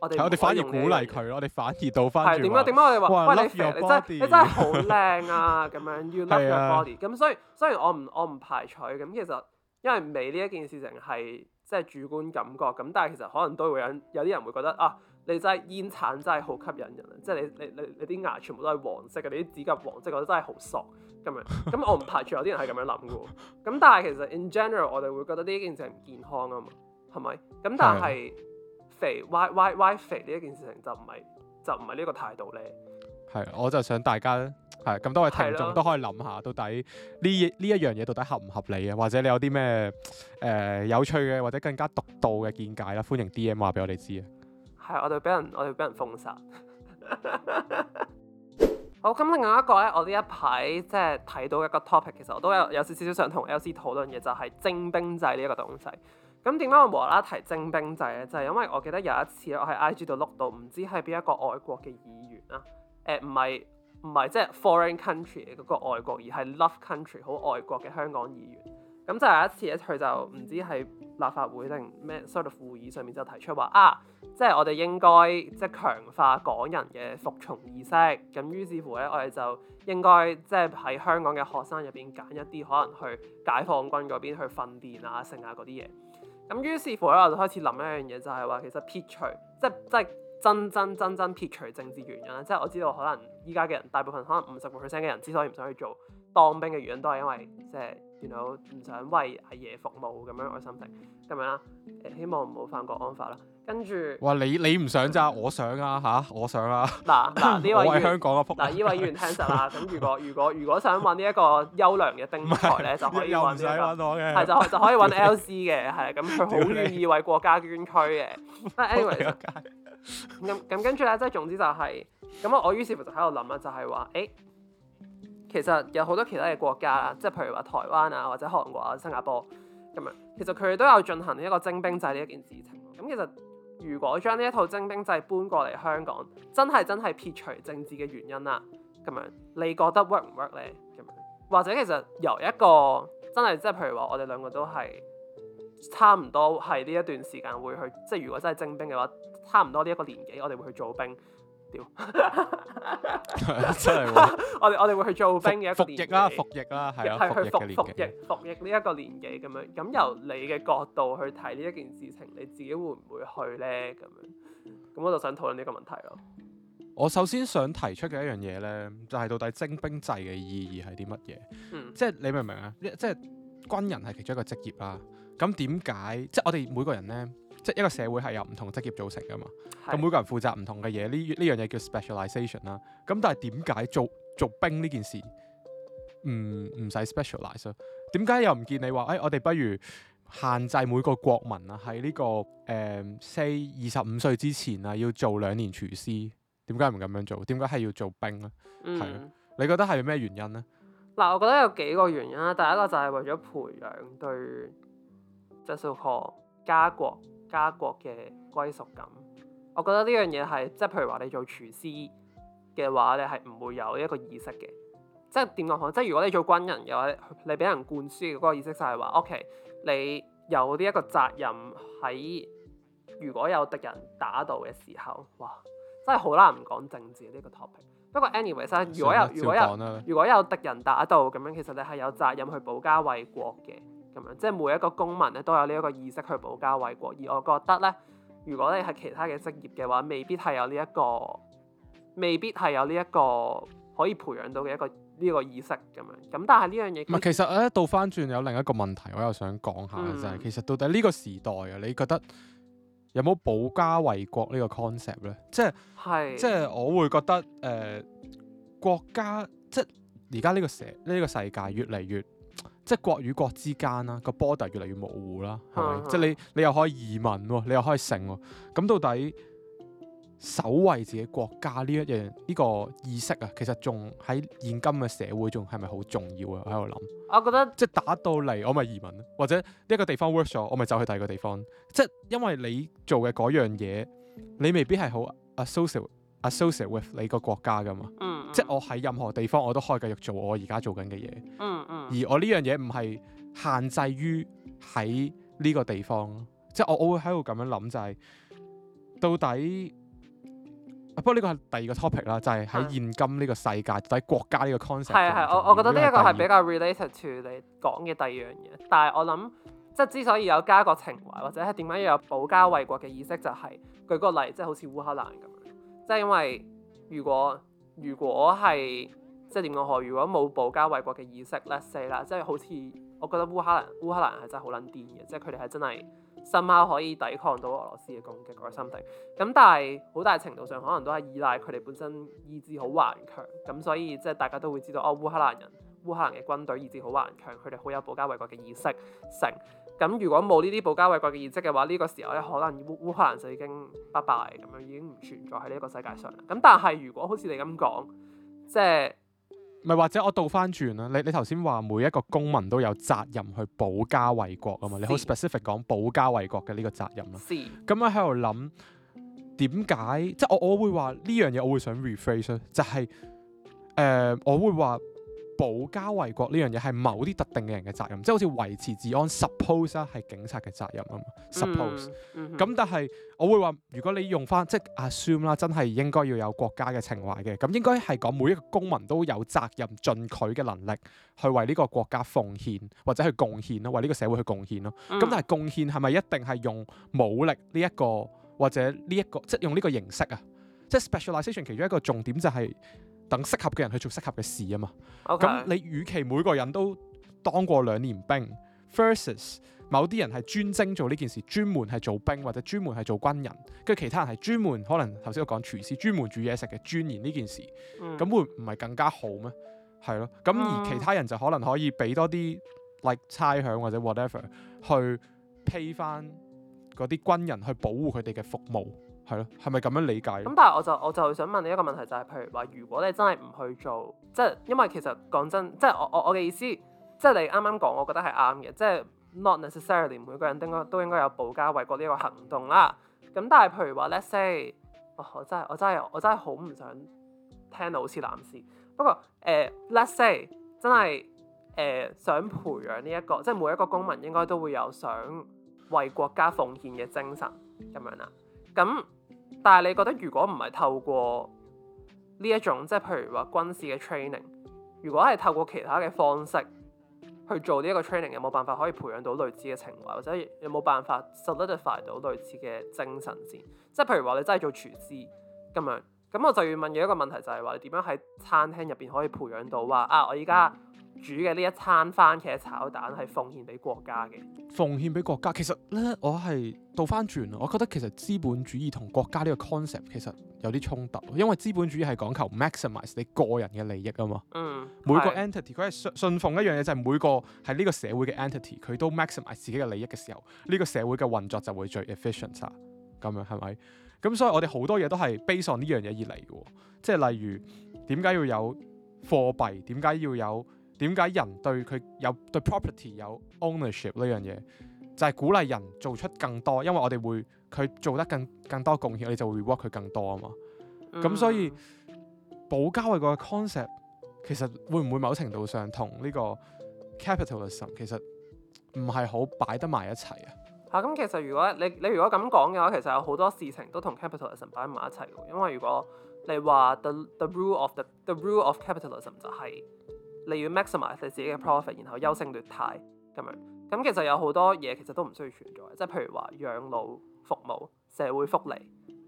我哋、啊、反而鼓勵佢，我哋反而倒翻轉。點解、啊？點解我哋話喂 fat, 你肥，你真係你真係好靚啊咁樣，you love your body 咁，所以雖然我唔我唔排除咁，其實因為美呢一件事情係即係主觀感覺咁，但係其實可能都會有有啲人會覺得啊。你真係煙鏟真係好吸引人，即係你你你啲牙全部都係黃色嘅，你啲指甲黃色，我覺得真係好索咁樣。咁我唔排除有啲人係咁樣諗嘅。咁但係其實 in general，我哋會覺得呢件事係唔健康啊嘛，係咪？咁但係肥 why why why 肥呢一件事情就唔係就唔係呢個態度咧。係，我就想大家係咁多位聽眾都可以諗下，到底呢呢一樣嘢到底合唔合理啊？或者你有啲咩誒有趣嘅或者更加獨到嘅見解啦？歡迎 DM 話俾我哋知啊！係、嗯，我哋俾人，我哋俾人封殺。 <laughs> 好，咁、嗯、另外一個咧，我呢一排即係睇到一個 topic，其實我都有有少少想同 L C 討論嘅，就係、是、徵，徵兵制呢一個東西。咁點解我無啦啦提徵兵制咧？就係、是、因為我記得有一次我喺 I G 度碌到，唔知係邊一個外國嘅議員啊，誒、呃，唔係唔係，即係 foreign country 嗰個外國，而係 love country 好愛國嘅香港議員。咁就有一次咧，佢就唔知係立法會定咩，sort of 會議上面就提出話啊，即係我哋應該即係強化港人嘅服從意識。咁於是乎咧，我哋就應該即係喺香港嘅學生入邊揀一啲可能去解放軍嗰邊去訓練啊、剩啊嗰啲嘢。咁於是乎咧，我就開始諗一樣嘢，就係話其實撇除即即。即真真真真撇除政治原因啦，即係我知道可能依家嘅人大部分可能五十個 percent 嘅人之所以唔想去做當兵嘅原因，都係因為即係原來唔想為阿爺服務咁樣我心情，咁樣啦，希望唔好犯國安法啦。跟住哇，你你唔想咋？我想啊，吓，我想啊。嗱嗱，呢位香港嘅僕，嗱呢位議員聽實啦。咁如果如果如果想揾呢一個優良嘅兵台咧，就可以揾呢個，又唔使揾我嘅，就就可以揾 LC 嘅，係咁，佢好願意為國家捐軀嘅。但 anyway。咁咁跟住咧，即係總之就係咁啊！我於是乎就喺度諗啦，就係話誒，其實有好多其他嘅國家啦，即係譬如話台灣啊，或者韓國啊、新加坡咁樣，其實佢哋都有進行呢一個徵兵制呢一件事情。咁其實如果將呢一套徵兵制搬過嚟香港，真係真係撇除政治嘅原因啦，咁樣你覺得 work 唔 work 咧？咁樣或者其實由一個真係即係譬如話，我哋兩個都係差唔多係呢一段時間會去，即係如果真係徵兵嘅話。差唔多呢一個年紀，我哋會去做兵。屌，真係！我哋我哋會去做兵嘅一個年役啊，服役啦，係啊，去服服役服役呢一個年紀咁樣。咁由你嘅角度去睇呢一件事情，你自己會唔會去咧？咁樣，咁我就想討論呢個問題咯。我首先想提出嘅一樣嘢咧，就係到底徵兵制嘅意義係啲乜嘢？嗯，即係你明唔明啊？即係軍人係其中一個職業啦。咁點解？即係我哋每個人咧。即一個社會係由唔同職業組成噶嘛，咁是每個人負責唔同嘅嘢，呢呢樣嘢叫 specialization 啦、啊。咁但係點解做做兵呢件事唔唔、嗯、使 specialize 啊？點解又唔見你話誒、哎、我哋不如限制每個國民啊喺呢、這個誒、呃、say 二十五歲之前啊要做兩年廚師？點解唔咁樣做？點解係要做兵咧？係、嗯，你覺得係咩原因咧？嗱、嗯，我覺得有幾個原因啦。第一個就係為咗培養對質素學家國。家國嘅歸屬感，我覺得呢樣嘢係即係譬如話你做廚師嘅話，你係唔會有一個意識嘅。即係點講好？即係如果你做軍人嘅話，你俾人灌輸嘅嗰個意識就係話：OK，你有呢一個責任喺，如果有敵人打到嘅時候，哇！真係好難唔講政治呢個 topic。不過 anyway，真係如果有如果有如果有，如果有敵人打到咁樣，其實你係有責任去保家衛國嘅。咁樣，即係每一個公民咧都有呢一個意識去保家衛國。而我覺得咧，如果你係其他嘅職業嘅話，未必係有呢一個，未必係有呢一個可以培養到嘅一個呢個意識咁樣。咁但係呢樣嘢唔係其實咧、啊，倒翻轉有另一個問題，我又想講下就係，嗯、其實到底呢個時代啊，你覺得有冇保家衛國個概念呢個 concept 咧？即係係即係我會覺得誒、呃，國家即係而家呢個世呢個世界越嚟越。即係國與國之間啦、啊，這個 border 越嚟越模糊啦，係咪？ <music> 吧即係你你又可以移民、啊，你又可以成咁、啊、到底，守衛自己國家呢一樣呢、這個意識啊，其實仲喺現今嘅社會仲係咪好重要啊？喺度諗，我覺得即係打到嚟，我咪移民咯，或者呢一個地方 work 咗，我咪走去第二個地方。即係因為你做嘅嗰樣嘢，你未必係好啊 associate。associate with 你個國家噶嘛？嗯，嗯，即係我喺任何地方我都可以繼續做我而家做緊嘅嘢。嗯嗯，而我呢樣嘢唔係限制於喺呢個地方，即係我我會喺度咁樣諗就係、是、到底，啊、不過呢個係第二個 topic 啦，就係、是、喺現今呢個世界就喺、嗯、國家呢個 concept、嗯。係係，嗯、我我覺得呢一個係比較 related to 你講嘅第二樣嘢。但係我諗，即係之所以有家國情懷或者係點樣要有保家衛國嘅意識、就是，就係舉個例，即、就、係、是、好似烏克蘭咁。即係因為如果如果係即係點講好？如果冇保家衛國嘅意識 let's say 啦！即係好似我覺得烏克蘭烏克蘭人係真係好撚癲嘅，即係佢哋係真係甚麼可以抵抗到俄羅斯嘅攻擊嗰種水平。咁、mm hmm. 但係好大程度上可能都係依賴佢哋本身意志好頑強。咁所以即係大家都會知道，哦，烏克蘭人烏克蘭嘅軍隊意志好頑強，佢哋好有保家衛國嘅意識性。咁如果冇呢啲保家衛國嘅業績嘅話，呢、這個時候咧可能，烏克蘭就已經拜拜咁樣，已經唔存在喺呢個世界上啦。咁但係如果好似你咁講，即係咪或者我倒翻轉啦？你你頭先話每一個公民都有責任去保家衛國啊嘛？是你好 specific 講保家衛國嘅呢個責任啦，咁樣喺度諗點解？即係我我會話呢樣嘢，我會，我會想 rephrase 就係、是、誒、呃，我會話。保家衛國呢樣嘢係某啲特定嘅人嘅責任，即係好似維持治安，suppose 啦係警察嘅責任啊嘛。Suppose 咁、嗯，嗯、但係我會話，如果你用返即係 assume 啦，真係應該要有國家嘅情懷嘅，咁應該係講每一個公民都有責任，盡佢嘅能力去為呢個國家奉獻或者去貢獻咯，為呢個社會去貢獻咯。咁、嗯、但係貢獻係咪一定係用武力呢一個或者呢一個即用呢個形式啊？即係 specialization 其中一個重點就係、是。等適合嘅人去做適合嘅事啊嘛，咁 Okay. 你與其每個人都當過兩年兵，versus 某啲人係專精做呢件事，專門係做兵或者專門係做軍人，跟住其他人係專門可能頭先我講廚師專門煮嘢食嘅專研呢件事，咁、嗯、會唔係更加好咩？係咯，咁而其他人就可能可以俾多啲、嗯、like 差餉或者 whatever 去 pay 翻嗰啲軍人去保護佢哋嘅服務。係咯，係咪咁樣理解？咁但係我就我就想問你一個問題，就係譬如話，如果你真係唔去做，即係因為其實講真，即係我我我嘅意思，即係你啱啱講，我覺得係啱嘅，即係 not necessarily 每個人都應該都應該有保家衛國呢個行動啦。咁但係譬如話，let's say，我真係我真係我真係好唔想聽到好似男士，不過誒，let's say 真係誒想培養呢一個，即係每一個公民應該都會有想為國家奉獻嘅精神咁樣啦。咁但係你覺得如果唔係透過呢一種即係譬如話軍事嘅 training，如果係透過其他嘅方式去做呢一個 training，有冇辦法可以培養到類似嘅情懷，或者有冇辦法 solidify 到類似嘅精神先？即係譬如話你真係做廚師咁樣，咁我就要問嘅一個問題就係、是、話你點樣喺餐廳入邊可以培養到話啊我依家，煮嘅呢一餐番茄炒蛋係奉獻俾國家嘅。奉獻俾國家其實呢，我係倒翻轉。我覺得其實資本主義同國家呢個 concept 其實有啲衝突，因為資本主義係講求 maximize 你個人嘅利益啊嘛。嗯、每個 entity 佢係是信奉一樣嘢就係、是、每個係呢個社會嘅 entity 佢都 maximize 自己嘅利益嘅時候，呢、這個社會嘅運作就會最 efficient 啊。咁樣係咪？咁所以我哋好多嘢都係 base on 呢樣嘢而嚟嘅，即、就、係、是、例如點解要有貨幣，點解要有？點解人對佢有對 property 有 ownership 呢樣嘢，就係、是、鼓勵人做出更多。因為我哋會佢做得更更多貢獻，我哋就會 reward 佢更多啊嘛。咁、嗯、所以保家衛國嘅 concept 其實會唔會某程度上同呢個 capitalism 其實唔係好擺得埋一齊啊？嚇咁、嗯嗯、其實如果你你如果咁講嘅話，其實有好多事情都同 capitalism 擺埋一齊嘅。因為如果你話 the the rule of the the rule of capitalism 就係、是。你要 maximize 你自己嘅 profit，然後優勝劣汰咁樣。咁其實有好多嘢其實都唔需要存在，即係譬如話養老服務、社會福利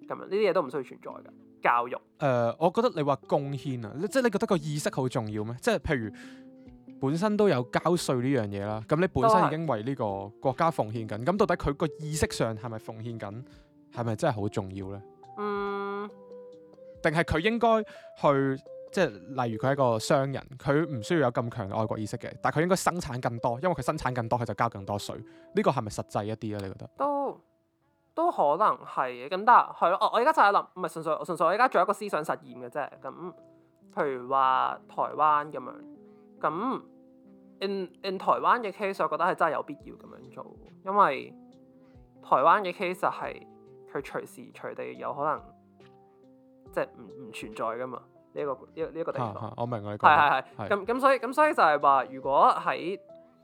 咁樣，呢啲嘢都唔需要存在嘅。教育，誒、呃，我覺得你話貢獻啊，即係你覺得個意識好重要咩？即係譬如本身都有交稅呢樣嘢啦，咁你本身已經為呢個國家奉獻緊，咁是到底佢個意識上係咪奉獻緊？係咪真係好重要咧？嗯，定係佢應該去？即係例如佢係一個商人，佢唔需要有咁強嘅愛國意識嘅，但係佢應該生產更多，因為佢生產更多，佢就交更多稅。呢個係咪實際一啲啊？你覺得？都都可能係嘅，咁但係係咯，我我而家就係諗，唔係純粹純粹，純粹我而家做一個思想實驗嘅啫。咁，譬如話台灣咁樣，咁 in in 台灣嘅 case，我覺得係真係有必要咁樣做，因為台灣嘅 case 就係佢隨時隨地有可能即係唔唔存在噶嘛。呢一，這個呢呢一個地方，啊啊，我明你講。係係係，咁咁所以咁所以就係話，如果喺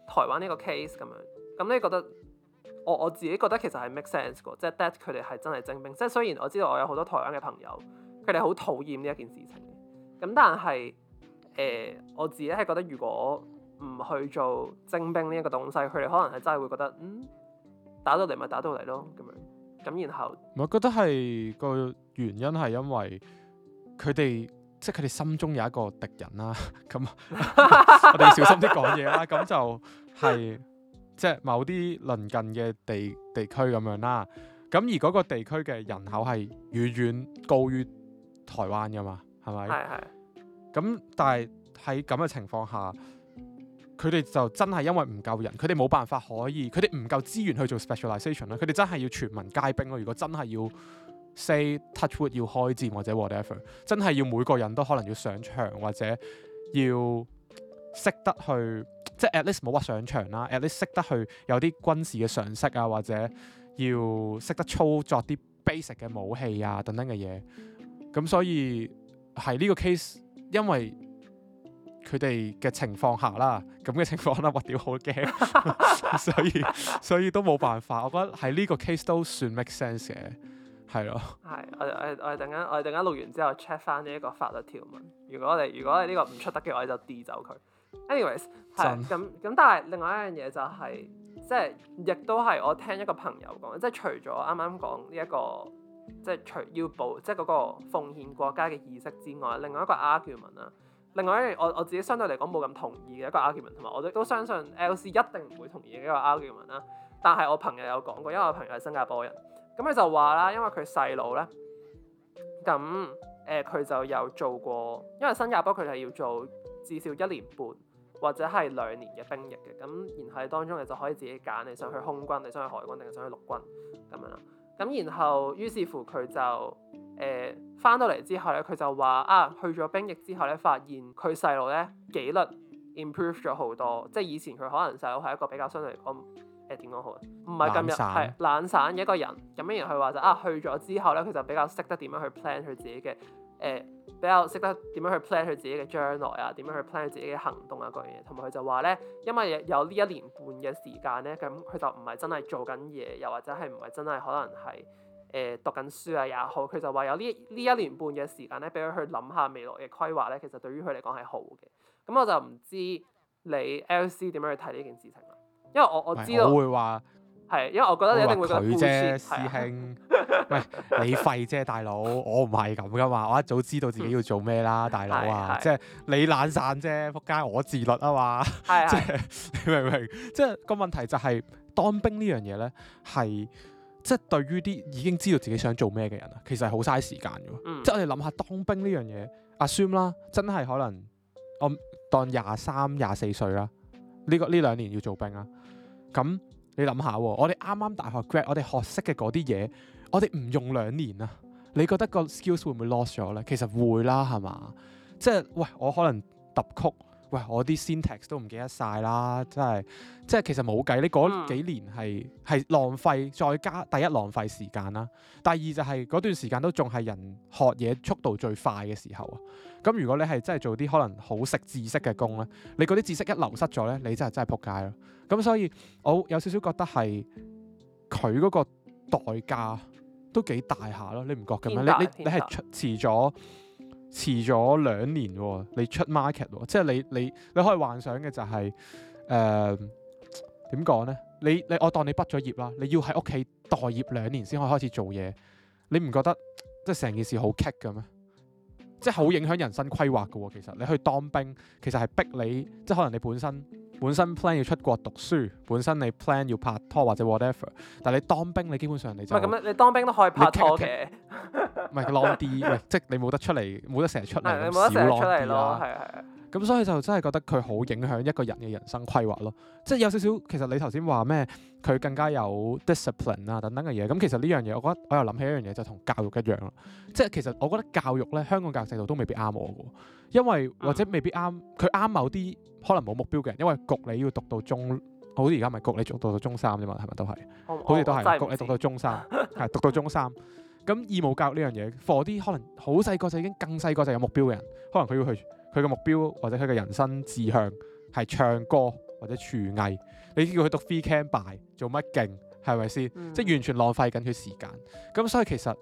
台灣呢個 case 咁樣，咁你覺得我我自己覺得其實係 make sense 嘅，即係 that 佢哋係真係徵兵，即係雖然我知道我有好多台灣嘅朋友，佢哋好討厭呢一件事情，咁但係誒，呃、我自己係覺得，如果唔去做徵兵呢一個東西，佢哋可能係真係會覺得嗯打到嚟咪打到嚟咯咁樣，咁然後，我覺得係個原因係因為佢哋。即係佢哋心中有一個敵人啦、啊，咁 <laughs> <laughs> 我哋要小心啲講嘢啦。咁 <laughs> 就係、是、即係某啲鄰近嘅地地區咁樣啦、啊。咁而嗰個地區嘅人口係遠遠高於台灣噶嘛，係咪？咁是但係喺咁嘅情況下，佢哋就真係因為唔夠人，佢哋冇辦法可以，佢哋唔夠資源去做 specialization 咯。佢哋真係要全民皆兵咯、啊。如果真係要。say touch wood 要開戰或者 whatever，真係要每個人都可能要上場，或者要識得去即係 at least 冇話上場啦，at least 識得去有啲軍事嘅常識啊，或者要識得操作啲 basic 嘅武器啊等等嘅嘢。咁所以喺呢個 case，因為佢哋嘅情況下啦，咁嘅情況啦，我屌好驚， <laughs> <laughs> <laughs> 所以所以都冇辦法。我覺得喺呢個 case 都算 make sense 嘅。係咯，係我我我哋等緊，我哋等緊錄完之後 check 翻呢一個法律條文。如果你如果你呢個唔出得嘅，我哋就 D 走佢。Anyways，係咁咁的，但係另外一樣嘢就係、是，即係亦都係我聽一個朋友講，即係除咗啱啱講呢一個，即係除要報，即係嗰、那個奉獻國家嘅意識之外，另外一個 argument 啦，另外一樣我我自己相對嚟講冇咁同意嘅一個 argument，同埋我亦都相信 Elvis 一定唔會同意呢個 argument 啦。但係我朋友有講過，因為我朋友係新加坡人。咁佢就話啦，因為佢細佬咧，咁誒佢就有做過，因為新加坡佢係要做至少一年半或者係兩年嘅兵役嘅，咁然後當中你就可以自己揀你想去空軍、你想去海軍定係想去陸軍咁樣啦。咁然後於是乎佢就誒翻、呃、到嚟之後咧，佢就話啊，去咗兵役之後咧，發現佢細佬咧紀律 improve 咗好多，即係以前佢可能細佬係一個比較相對嚟講。誒點講好啊？唔係咁日，係懶散嘅一個人。咁然佢話就啊，去咗之後咧，佢就比較識得點樣去 plan 佢自己嘅誒、呃，比較識得點樣去 plan 佢自己嘅將來啊，點樣去 plan 佢自己嘅行動啊，各樣嘢。同埋佢就話咧，因為有呢一年半嘅時間咧，咁佢就唔係真係做緊嘢，又或者係唔係真係可能係誒、呃、讀緊書啊也好。佢就話有呢呢一年半嘅時間咧，俾佢去諗下未來嘅規劃咧，其實對於佢嚟講係好嘅。咁我就唔知你 L C 點樣去睇呢件事情。因為我我知道，我會話係，因為我覺得你一定會個故事。師兄，喂，你廢啫，大佬，我唔係咁噶嘛。我一早知道自己要做咩啦，大佬啊，即係你懶散啫，仆街！我自律啊嘛，即係你明唔明？即係個問題就係當兵呢樣嘢咧，係即係對於啲已經知道自己想做咩嘅人啊，其實係好嘥時間㗎。即係我哋諗下當兵呢樣嘢，assume 啦，真係可能我當廿三廿四歲啦，呢個呢兩年要做兵啊。咁你諗下，我哋啱啱大學 grad，我哋學識嘅嗰啲嘢，我哋唔用兩年啊。你覺得個 skills 會唔會 lost 咗呢？其實會啦，係嘛？即係喂，我可能揼曲，喂，我啲 syntax 都唔記得晒啦，真係即係，其實冇計。你嗰幾年係係、嗯、浪費，再加第一浪費時間啦，第二就係、是、嗰段時間都仲係人學嘢速度最快嘅時候啊。咁、嗯、如果你係真係做啲可能好識知識嘅工咧，你嗰啲知識一流失咗呢，你真係真係扑街咯。咁所以，我有少少覺得係佢嗰個代價都幾大下咯，你唔覺噉樣？你你你係遲咗遲咗兩年喎、哦，你出 market 喎、哦，即係你你你可以幻想嘅就係誒點講呢？你你我當你畢咗業啦，你要喺屋企待業兩年先可以開始做嘢，你唔覺得即係成件事好棘嘅咩？即係好影響人生規劃嘅喎、哦，其實你去當兵其實係逼你，即係可能你本身。本身 plan 要出國讀書，本身你 plan 要拍拖或者 whatever，但你當兵你基本上你就唔係咁樣，你當兵都可以拍拖嘅。唔係浪啲，即係你冇得出嚟，冇 <laughs> 得成日出嚟少浪啲啦，係係。咁所以就真係覺得佢好影響一個人嘅人生規劃咯。即係有少少，其實你頭先話咩？佢更加有 discipline 啊，等等嘅嘢。咁其實呢樣嘢，我覺得我又諗起一樣嘢，就同教育一樣咯。即係其實我覺得教育咧，香港教育制度都未必啱我喎，因為或者未必啱佢，啱某啲可能冇目標嘅人。因為局你要讀到中，好似而家咪局你讀到到中三啫嘛，係咪都係？好似都係局你讀到中三，係 <laughs> 讀到中三。咁義務教育呢樣嘢，for 啲可能好細個就已經更細個就有目標嘅人，可能佢要去。佢嘅目標或者佢嘅人生志向係唱歌或者廚藝，你叫佢讀 phy chem bio 做乜勁？係咪先？嗯、即係完全浪費緊佢時間。咁所以其實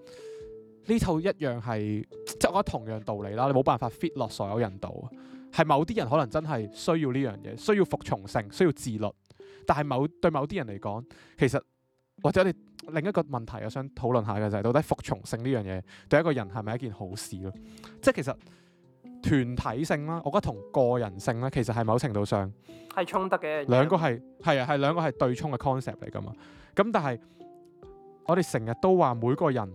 呢套一樣係即係我覺得同樣道理啦。你冇辦法 fit 落所有人度，係某啲人可能真係需要呢樣嘢，需要服從性，需要自律。但係某對某啲人嚟講，其實或者我哋另一個問題我想討論下嘅就係、是，到底服從性呢樣嘢對一個人係咪一件好事咯？即係其實。團體性啦，我覺得同個人性咧，其實係某程度上係衝突嘅兩個係係啊，係、嗯、兩個係對沖嘅 concept 嚟㗎嘛。咁但係我哋成日都話每個人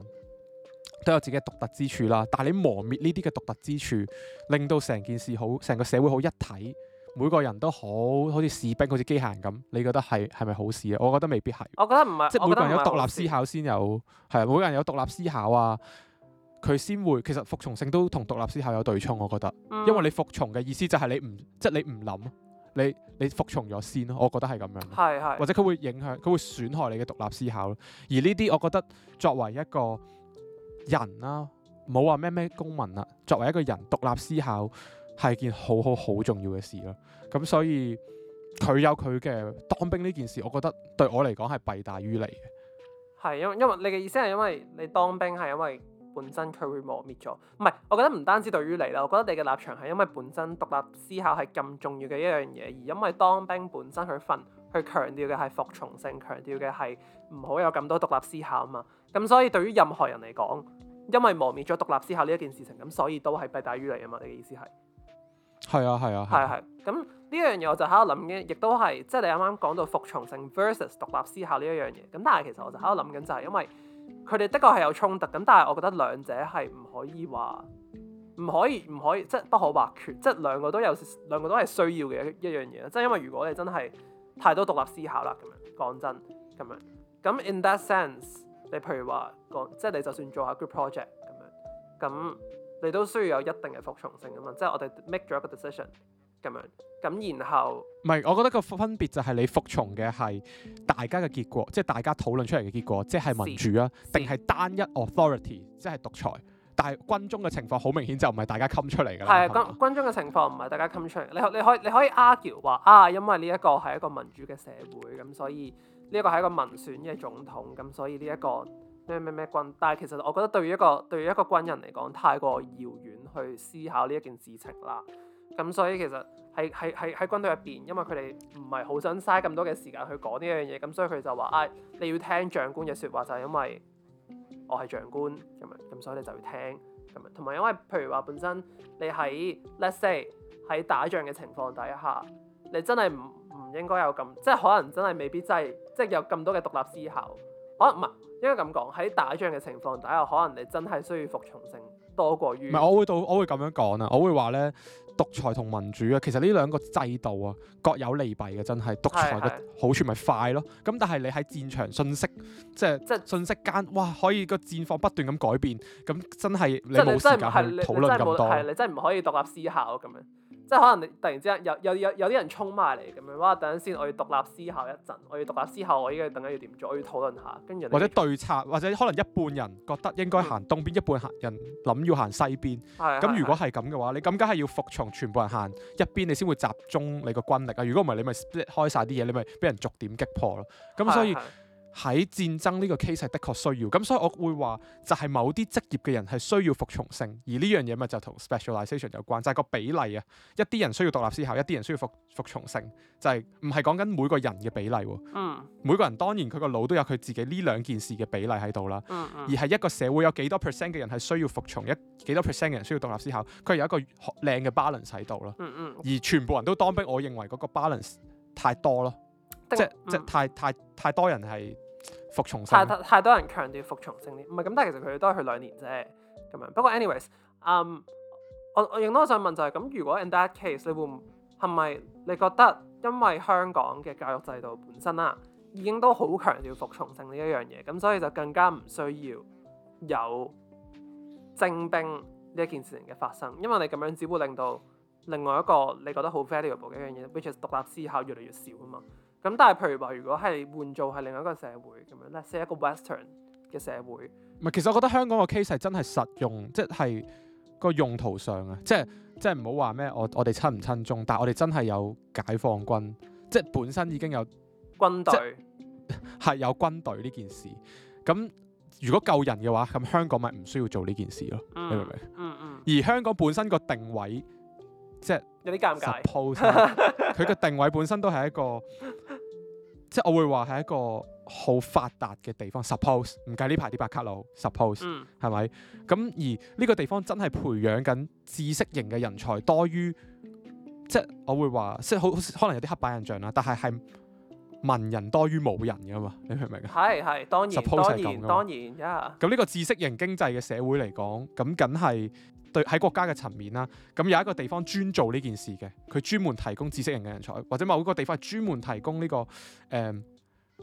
都有自己嘅獨特之處啦。但係你磨滅呢啲嘅獨特之處，令到成件事好，成個社會好一體，每個人都好好似士兵好似機械人咁，你覺得係係咪好事啊？我覺得未必係。我覺得唔係，即係每個人有獨立思考先有係，每個人有獨立思考啊。佢先會，其實服從性都同獨立思考有對沖，我覺得，嗯、因為你服從嘅意思就係你唔即係你唔諗，你你服從咗先咯。我覺得係咁樣，是是或者佢會影響，佢會損害你嘅獨立思考咯。而呢啲我覺得作為一個人啦，冇話咩咩公民啦，作為一個人，獨立思考係件好好好重要嘅事咯。咁所以佢有佢嘅當兵呢件事，我覺得對我嚟講係弊大於利嘅。係，因為因為你嘅意思係因為你當兵係因為。本身佢會磨滅咗，唔係，我覺得唔單止對於你啦，我覺得你嘅立場係因為本身獨立思考係咁重要嘅一樣嘢，而因為當兵本身去訓，去強調嘅係服從性，強調嘅係唔好有咁多獨立思考啊嘛，咁所以對於任何人嚟講，因為磨滅咗獨立思考呢一件事情，咁所以都係弊大於利啊嘛，你嘅意思係？係啊，係啊，係啊，係、啊。咁呢樣嘢我就喺度諗緊，亦都係即係你啱啱講到服從性 versus 獨立思考呢一樣嘢，咁但係其實我就喺度諗緊就係因為。佢哋的確係有衝突，咁但係我覺得兩者係唔可以話唔可以，唔可以，即係不可或缺。即係兩個都有，兩個都係需要嘅一一樣嘢，即係因為如果你真係太多獨立思考啦，咁樣講真咁樣。咁 in that sense，你譬如話講，即係你就算做下 group project 咁樣，咁你都需要有一定嘅服從性啊嘛。即係我哋 make 咗一個 decision。咁樣，咁然後唔係，我覺得個分別就係你服從嘅係大家嘅結果，即係大家討論出嚟嘅結果，即係民主啊，定係單一 authority，即係獨裁。但係軍中嘅情況好明顯就唔係大家 come 出嚟嘅啦。係軍是吧軍中嘅情況唔係大家 come 出嚟，你你可以你可以 argue 話啊，因為呢一個係一個民主嘅社會，咁所以呢一個係一個民選嘅總統，咁所以呢一個咩咩咩軍，但係其實我覺得對於一個對於一個軍人嚟講，太過遙遠去思考呢一件事情啦。咁所以其實喺喺係喺軍隊入邊，因為佢哋唔係好想嘥咁多嘅時間去講呢樣嘢，咁所以佢就話：唉，你要聽將官嘅説話，就係因為我係將官，咁樣，咁所以你就要聽，咁樣。同埋因為譬如話本身你喺，let's say，喺打仗嘅情況底下，你真係唔唔應該有咁，即係可能真係未必真係，即係有咁多嘅獨立思考。可能唔係應該咁講。喺打仗嘅情況底下，可能你真係需要服從性。多過於，唔係我會到，我會咁樣講啊！我會話咧，獨裁同民主啊，其實呢兩個制度啊，各有利弊嘅，真係獨裁嘅好處咪快咯，咁是是 但係你喺戰場信息，即係即是 信息間，哇，可以個戰況不斷咁改變，咁真係是你冇時間去討論咁多，係你真係唔可以獨立思考咁樣。即係可能突然之間有有有有啲人衝埋嚟咁樣，哇！等陣先我要獨立思考一陣，我要獨立思考我依家等緊要點做，我要討論下。或者對策，或者可能一半人覺得應該行東邊，嗯、一半人諗要行西邊。咁、嗯、如果係咁嘅話，你咁梗係要服從全部人行一邊，你先會集中你個軍力啊！如果唔係，你咪 split 開曬啲嘢，你咪俾人逐點擊破咯。咁所以。嗯嗯嗯喺戰爭呢個 case 係，的確需要。咁所以我會話，就係某啲職業嘅人係需要服從性，而呢樣嘢咪就同 specialization 有關。就係個比例啊，一啲人需要獨立思考，一啲人需要服服從性，就係唔係講緊每個人嘅比例。嗯。每個人當然佢個腦都有佢自己呢兩件事嘅比例喺度啦。嗯嗯。而係一個社會有幾多 percent 嘅人係需要服從，一幾多 percent 嘅人需要獨立思考，佢係有一個靚嘅 balance 喺度咯。嗯嗯。而全部人都當兵，我認為嗰個 balance 太多咯。即即、嗯、太太太多人係服從性、啊，太太太多人強調服從性啲，唔係咁。但係其實佢都係去兩年啫咁樣。不過，anyways，嗯，我我亦都想問就係、是、咁，如果 in that case，你會係咪你覺得因為香港嘅教育制度本身啦、啊，已經都好強調服從性呢一樣嘢，咁所以就更加唔需要有徵兵呢一件事情嘅發生，因為你咁樣只會令到另外一個你覺得好 valuable 嘅一樣嘢，which is 獨立思考越嚟越少啊嘛。咁但係，譬如話，如果係換做係另一個社會咁樣，例如一個 Western 嘅社會，唔係其實我覺得香港嘅 case 係真係實用，即係個用途上啊，即係即係唔好話咩，即係我我哋親唔親中，但係我哋真係有解放軍，即係本身已經有軍隊，係有軍隊呢件事。咁如果救人嘅話，咁香港咪唔需要做呢件事咯？嗯、你明唔明、嗯？嗯嗯。而香港本身個定位，即係有啲尷尬。Suppose 佢個 support, <laughs> 定位本身都係一個。 <laughs> 即係我會話係一個好發達嘅地方，suppose 唔計呢排啲白卡路，suppose 係咪、嗯？咁而呢個地方真係培養緊知識型嘅人才多於，即係我會話，即係好可能有啲黑白印象啦。但係係文人多於武人噶嘛？你明唔明啊？係係當然，suppose，當然當然，咁咁呢個知識型經濟嘅社會嚟講，咁梗係。對，喺國家嘅層面啦，咁有一個地方專做呢件事嘅，佢專門提供知識型嘅人才，或者某一個地方係專門提供呢、這個誒、呃、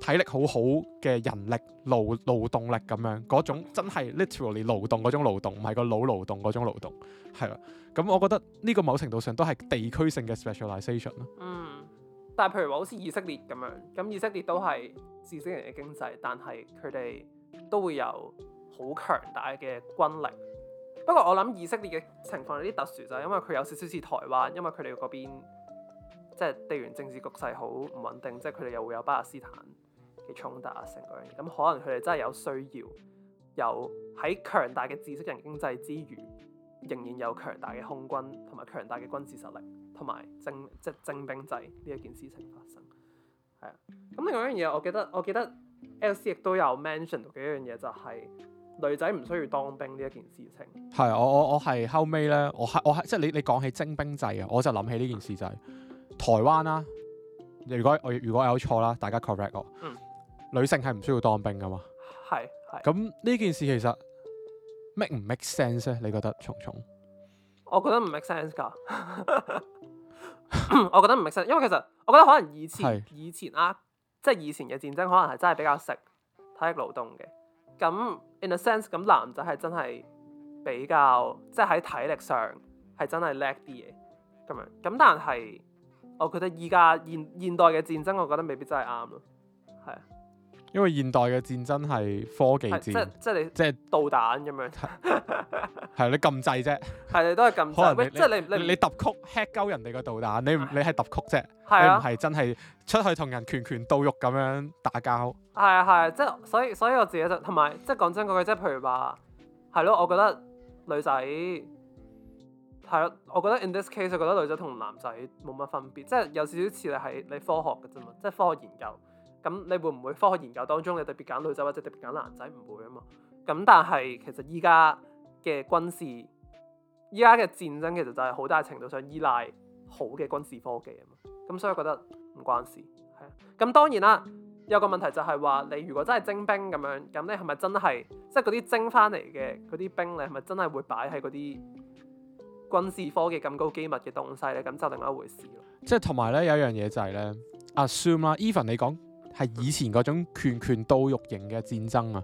體力好好嘅人力勞勞動力咁樣，嗰種真係 literally 勞動嗰種勞動，唔係個腦勞動嗰種勞動，係啊。咁我覺得呢個某程度上都係地區性嘅、啊、specialization 咯。嗯，但係譬如話好似以色列咁樣，咁以色列都係知識型嘅經濟，但係佢哋都會有好強大嘅軍力。不過我諗以色列嘅情況有啲特殊就係因為佢有少少似台灣，因為佢哋嗰邊即係地緣政治局勢好唔穩定，即係佢哋又會有巴勒斯坦嘅衝突啊，成嗰樣嘢。咁可能佢哋真係有需要，有喺強大嘅知識人經濟之餘，仍然有強大嘅空軍同埋強大嘅軍事實力，同埋徵即係徵兵制呢一件事情發生。係啊，咁另外一樣嘢我記得我記得 LC 亦都有 mention 到嘅一樣嘢就係、是。女仔唔需要當兵呢一件事情。係我我我係後尾咧，我係我係即係你你講起徵兵制啊，我就諗起呢件事就係台灣啦、啊。如果我如果有錯啦，大家 correct 我。嗯，女性係唔需要當兵噶嘛？係。咁呢件事其實 make 唔 make sense 咧？你覺得蟲蟲？我覺得唔 make sense 噶。 <laughs> <coughs> 我覺得唔 make sense，因為其實我覺得可能以前是以前啊，即、就、係、是、以前嘅戰爭可能係真係比較食體力勞動嘅。咁 in a sense 咁男仔係真係比較，即係喺體力上係真係叻啲嘢咁樣，咁但係我覺得依家現現，現代嘅戰爭，我覺得未必真係啱咯。因為現代嘅戰爭係科技戰，即即你即導彈咁樣，係你㩒掣啫，係你都係㩒掣。即你你揼曲 hack 鳩人哋個導彈，你你係揼曲啫，你唔係真係出去同人拳拳到肉咁樣打交。係啊係，即所以所以我自己就同埋即講真嗰句，即譬如話係咯，我覺得女仔係，我覺得 in this case 我覺得女仔同男仔冇乜分別，即有少少似你係你科學嘅啫嘛，即科學研究。咁你會唔會科學研究當中你特別揀女仔或者特別揀男仔？唔會啊嘛。咁但係其實依家嘅軍事，依家嘅戰爭其實就係好大程度上依賴好嘅軍事科技啊嘛。咁所以我覺得唔關事。係啊。咁當然啦，有個問題就係話你如果真係徵兵咁樣，咁你係咪真係即係嗰啲徵翻嚟嘅嗰啲兵，兵，你係咪真係會擺喺嗰啲軍事科技咁高機密嘅東西咧？咁就另外一回事咯。即係同埋咧，有一樣嘢就係咧 assume 啦，even 你講。係以前嗰種拳拳到肉型嘅戰爭啊！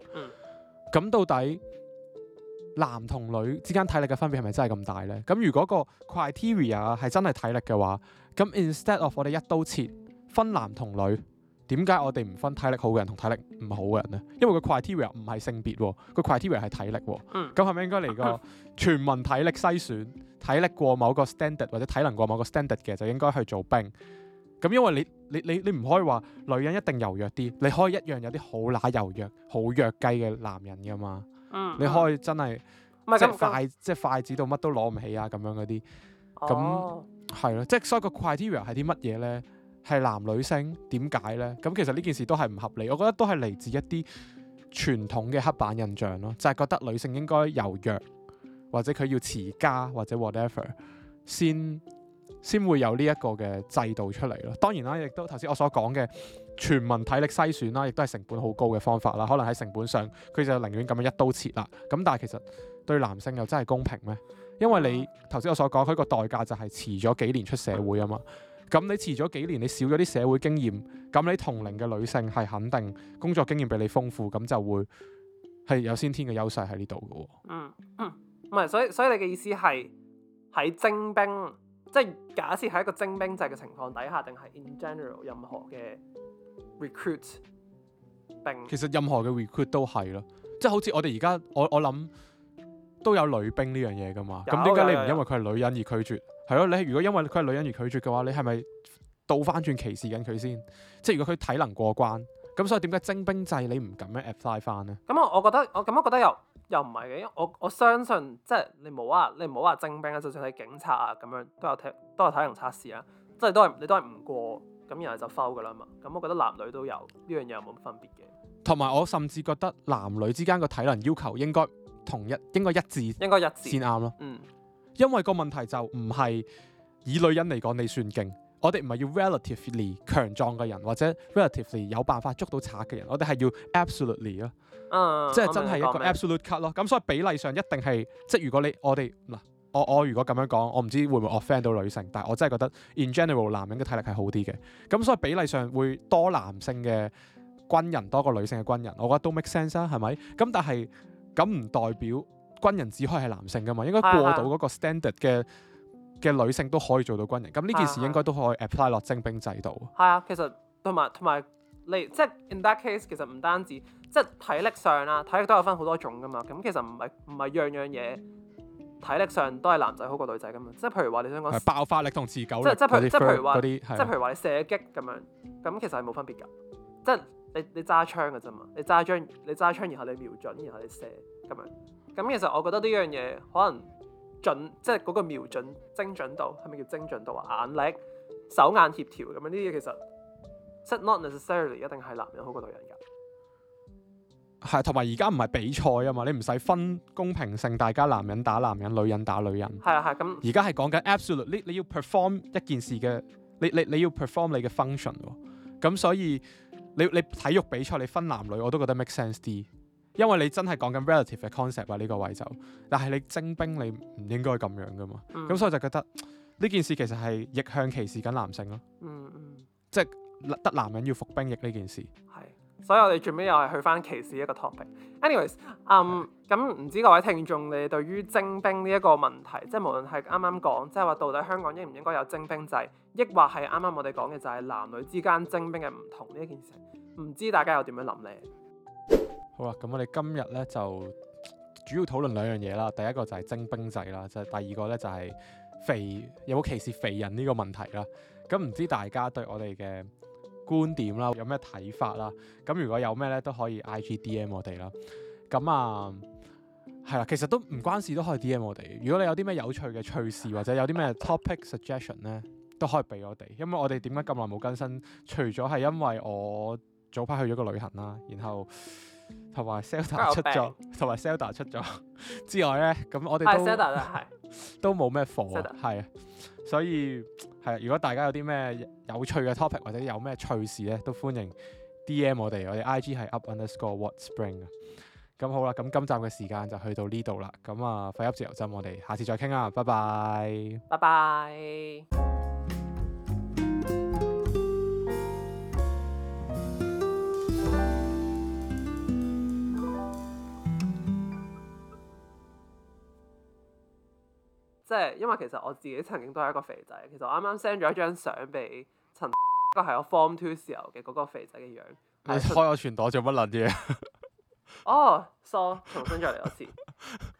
咁、嗯、到底男同女之間體力嘅分別係咪真係咁大呢？咁如果個 criteria 係真係體力嘅話，咁 instead of 我哋一刀切分男同女，點解我哋唔分體力好嘅人同體力唔好嘅人呢？因為個 criteria 唔係性別喎，個 criteria 係體力喎。咁係咪應該嚟個全民體力篩選，體力過某個 standard 或者體能過某個 standard 嘅，就應該去做兵？咁、嗯、因為你你你你唔可以話女人一定柔弱啲，你可以一樣有啲好乸柔弱、好弱雞嘅男人㗎嘛。嗯、你可以真係、嗯、即係快、嗯、即係筷子到乜都攞唔起啊咁樣嗰啲。哦，咁係咯，即係所以個 criteria 係啲乜嘢呢？係男女性點解呢？咁其實呢件事都係唔合理，我覺得都係嚟自一啲傳統嘅黑板印象咯，就係、是、覺得女性應該柔弱，或者佢要持家或者 whatever 先。先會有呢一個嘅制度出嚟咯。當然啦，亦都頭先我所講嘅全民體力篩選啦、啊，亦都係成本好高嘅方法啦。可能喺成本上，佢就寧願咁樣一刀切啦。咁但係其實對男性又真係公平咩？因為你頭先我所講，佢個代價就係遲咗幾年出社會啊嘛。咁你遲咗幾年，你少咗啲社會經驗，咁你同齡嘅女性係肯定工作經驗比你豐富，咁就會係有先天嘅優勢喺呢度嘅。嗯，唔係，所以所以你嘅意思係喺精兵。即係假設喺一個徵兵制嘅情況底下，定係 in general 任何嘅 recruit 其實任何嘅 recruit 都係咯，即係好似我哋而家我我諗都有女兵呢樣嘢噶嘛。咁點解你唔因為佢係女人而拒絕？係咯，你如果因為佢係女人而拒絕嘅話，你係咪倒翻轉歧視緊佢先？即係如果佢體能過關，咁所以點解徵兵制你唔咁樣 apply 翻呢？咁我我覺得我咁我覺得又。又唔係嘅，我我相信即係你唔好話你唔好話徵兵啊，就算係警察啊咁樣都有體都有體能測試啦，即係都係你都係唔過咁，然後就 fail 嘅啦嘛。咁我覺得男女都有呢樣嘢，冇乜分別嘅。同埋我甚至覺得男女之間個體能要求應該同一應該一致，應該一致先啱咯。嗯，因為個問題就唔係以女人嚟講，你算勁。嗯我哋唔係要 relatively 強壯嘅人，或者 relatively 有辦法捉到賊嘅人，我哋係要 absolutely 咯，即係真係一個 absolute cut 咯。咁所以比例上一定係，即係如果你我哋嗱我我如果咁樣講，我唔知會唔會 offend 到女性，但係我真係覺得 in general 男人嘅體力係好啲嘅，咁所以比例上會多男性嘅軍人多過女性嘅軍人，我覺得都 make sense 啦、啊，係咪？咁但係咁唔代表軍人只可以係男性噶嘛，應該過到嗰個 standard 嘅。Yeah, yeah. 嘅女性都可以做到軍人，咁呢件事應該都可以 apply 落徵兵制度。係啊，其實同埋同埋你即係 in that case，其實唔單止即係體力上啦，體力都有分好多種噶嘛。咁其實唔係唔係樣樣嘢體力上都係男仔好過女仔噶嘛。即係譬如話你想講爆發力同持久，即即譬如即譬如話，即譬如話你射擊咁樣，咁其實係冇分別㗎。即係你你揸槍㗎啫嘛，你揸槍你揸槍然後你瞄準然後你射咁樣。咁其實我覺得呢樣嘢可能準即係嗰個瞄準精準度，係咪叫精準度啊？眼力、手眼協調咁樣呢啲其實，not necessarily 一定係男人好過女人噶。係啊，同埋而家唔係比賽啊嘛，你唔使分公平性，大家男人打男人，女人打女人。係啊係，咁而家係講緊 absolute，你你要 perform 一件事嘅，你你你要 perform 你嘅 function，咁所以你你體育比賽你分男女，我都覺得 make sense 啲。因為你真係講緊 relative 嘅 concept 啊，呢個位就，但係你徵兵你唔應該咁樣噶嘛，咁、嗯、所以我就覺得呢件事其實係逆向歧視緊男性咯，嗯嗯、即係得男人要服兵役呢件事，係，所以我哋最尾又係去翻歧視一個 topic。anyways，嗯，咁唔是的 知各位聽眾你對於徵兵呢一個問題，即係無論係啱啱講，即係話到底香港應唔應該有徵兵制，抑或係啱啱我哋講嘅就係男女之間徵兵嘅唔同呢一件事，唔知大家又點樣諗咧？好啦，咁我哋今日咧就主要討論兩樣嘢啦，第一個就係徵兵制啦，就係第二個咧就係肥有冇歧視肥人呢個問題啦。咁、嗯、唔知大家對我哋嘅觀點啦，有咩睇法？啦？咁如果有咩咧都可以 I G D M 我哋啦。咁、嗯、啊，係啦，其實都唔關事，都可以 D M 我哋。如果你有啲咩有趣嘅趣事或者有啲咩 topic suggestion 咧，都可以俾我哋。因為我哋點解咁耐冇更新？除咗係因為我早排去咗個旅行啦，然後。同埋 Selda 出咗，同埋 Selda 出咗 <laughs> 之外咧，咁我哋都係、哎、 <laughs> <laughs> 都冇咩貨，係， <laughs> 所以係。如果大家有啲咩有趣嘅 topic 或者有咩趣事咧，都歡迎 DM 我哋，我哋 IG 係 up underscore what spring 啊。咁好啦，咁今集嘅時間就去到呢度啦。咁啊，費吸自由針，我哋下次再傾啦，拜拜，拜拜。即係因為其實我自己曾經都係一個肥仔，其實我啱啱 send 咗一張相俾陳，個係我 form two 時候嘅嗰個肥仔嘅樣。你開我存袋，做乜撚嘢？哦、 <laughs> oh，sorry，重新再嚟一次。 <laughs>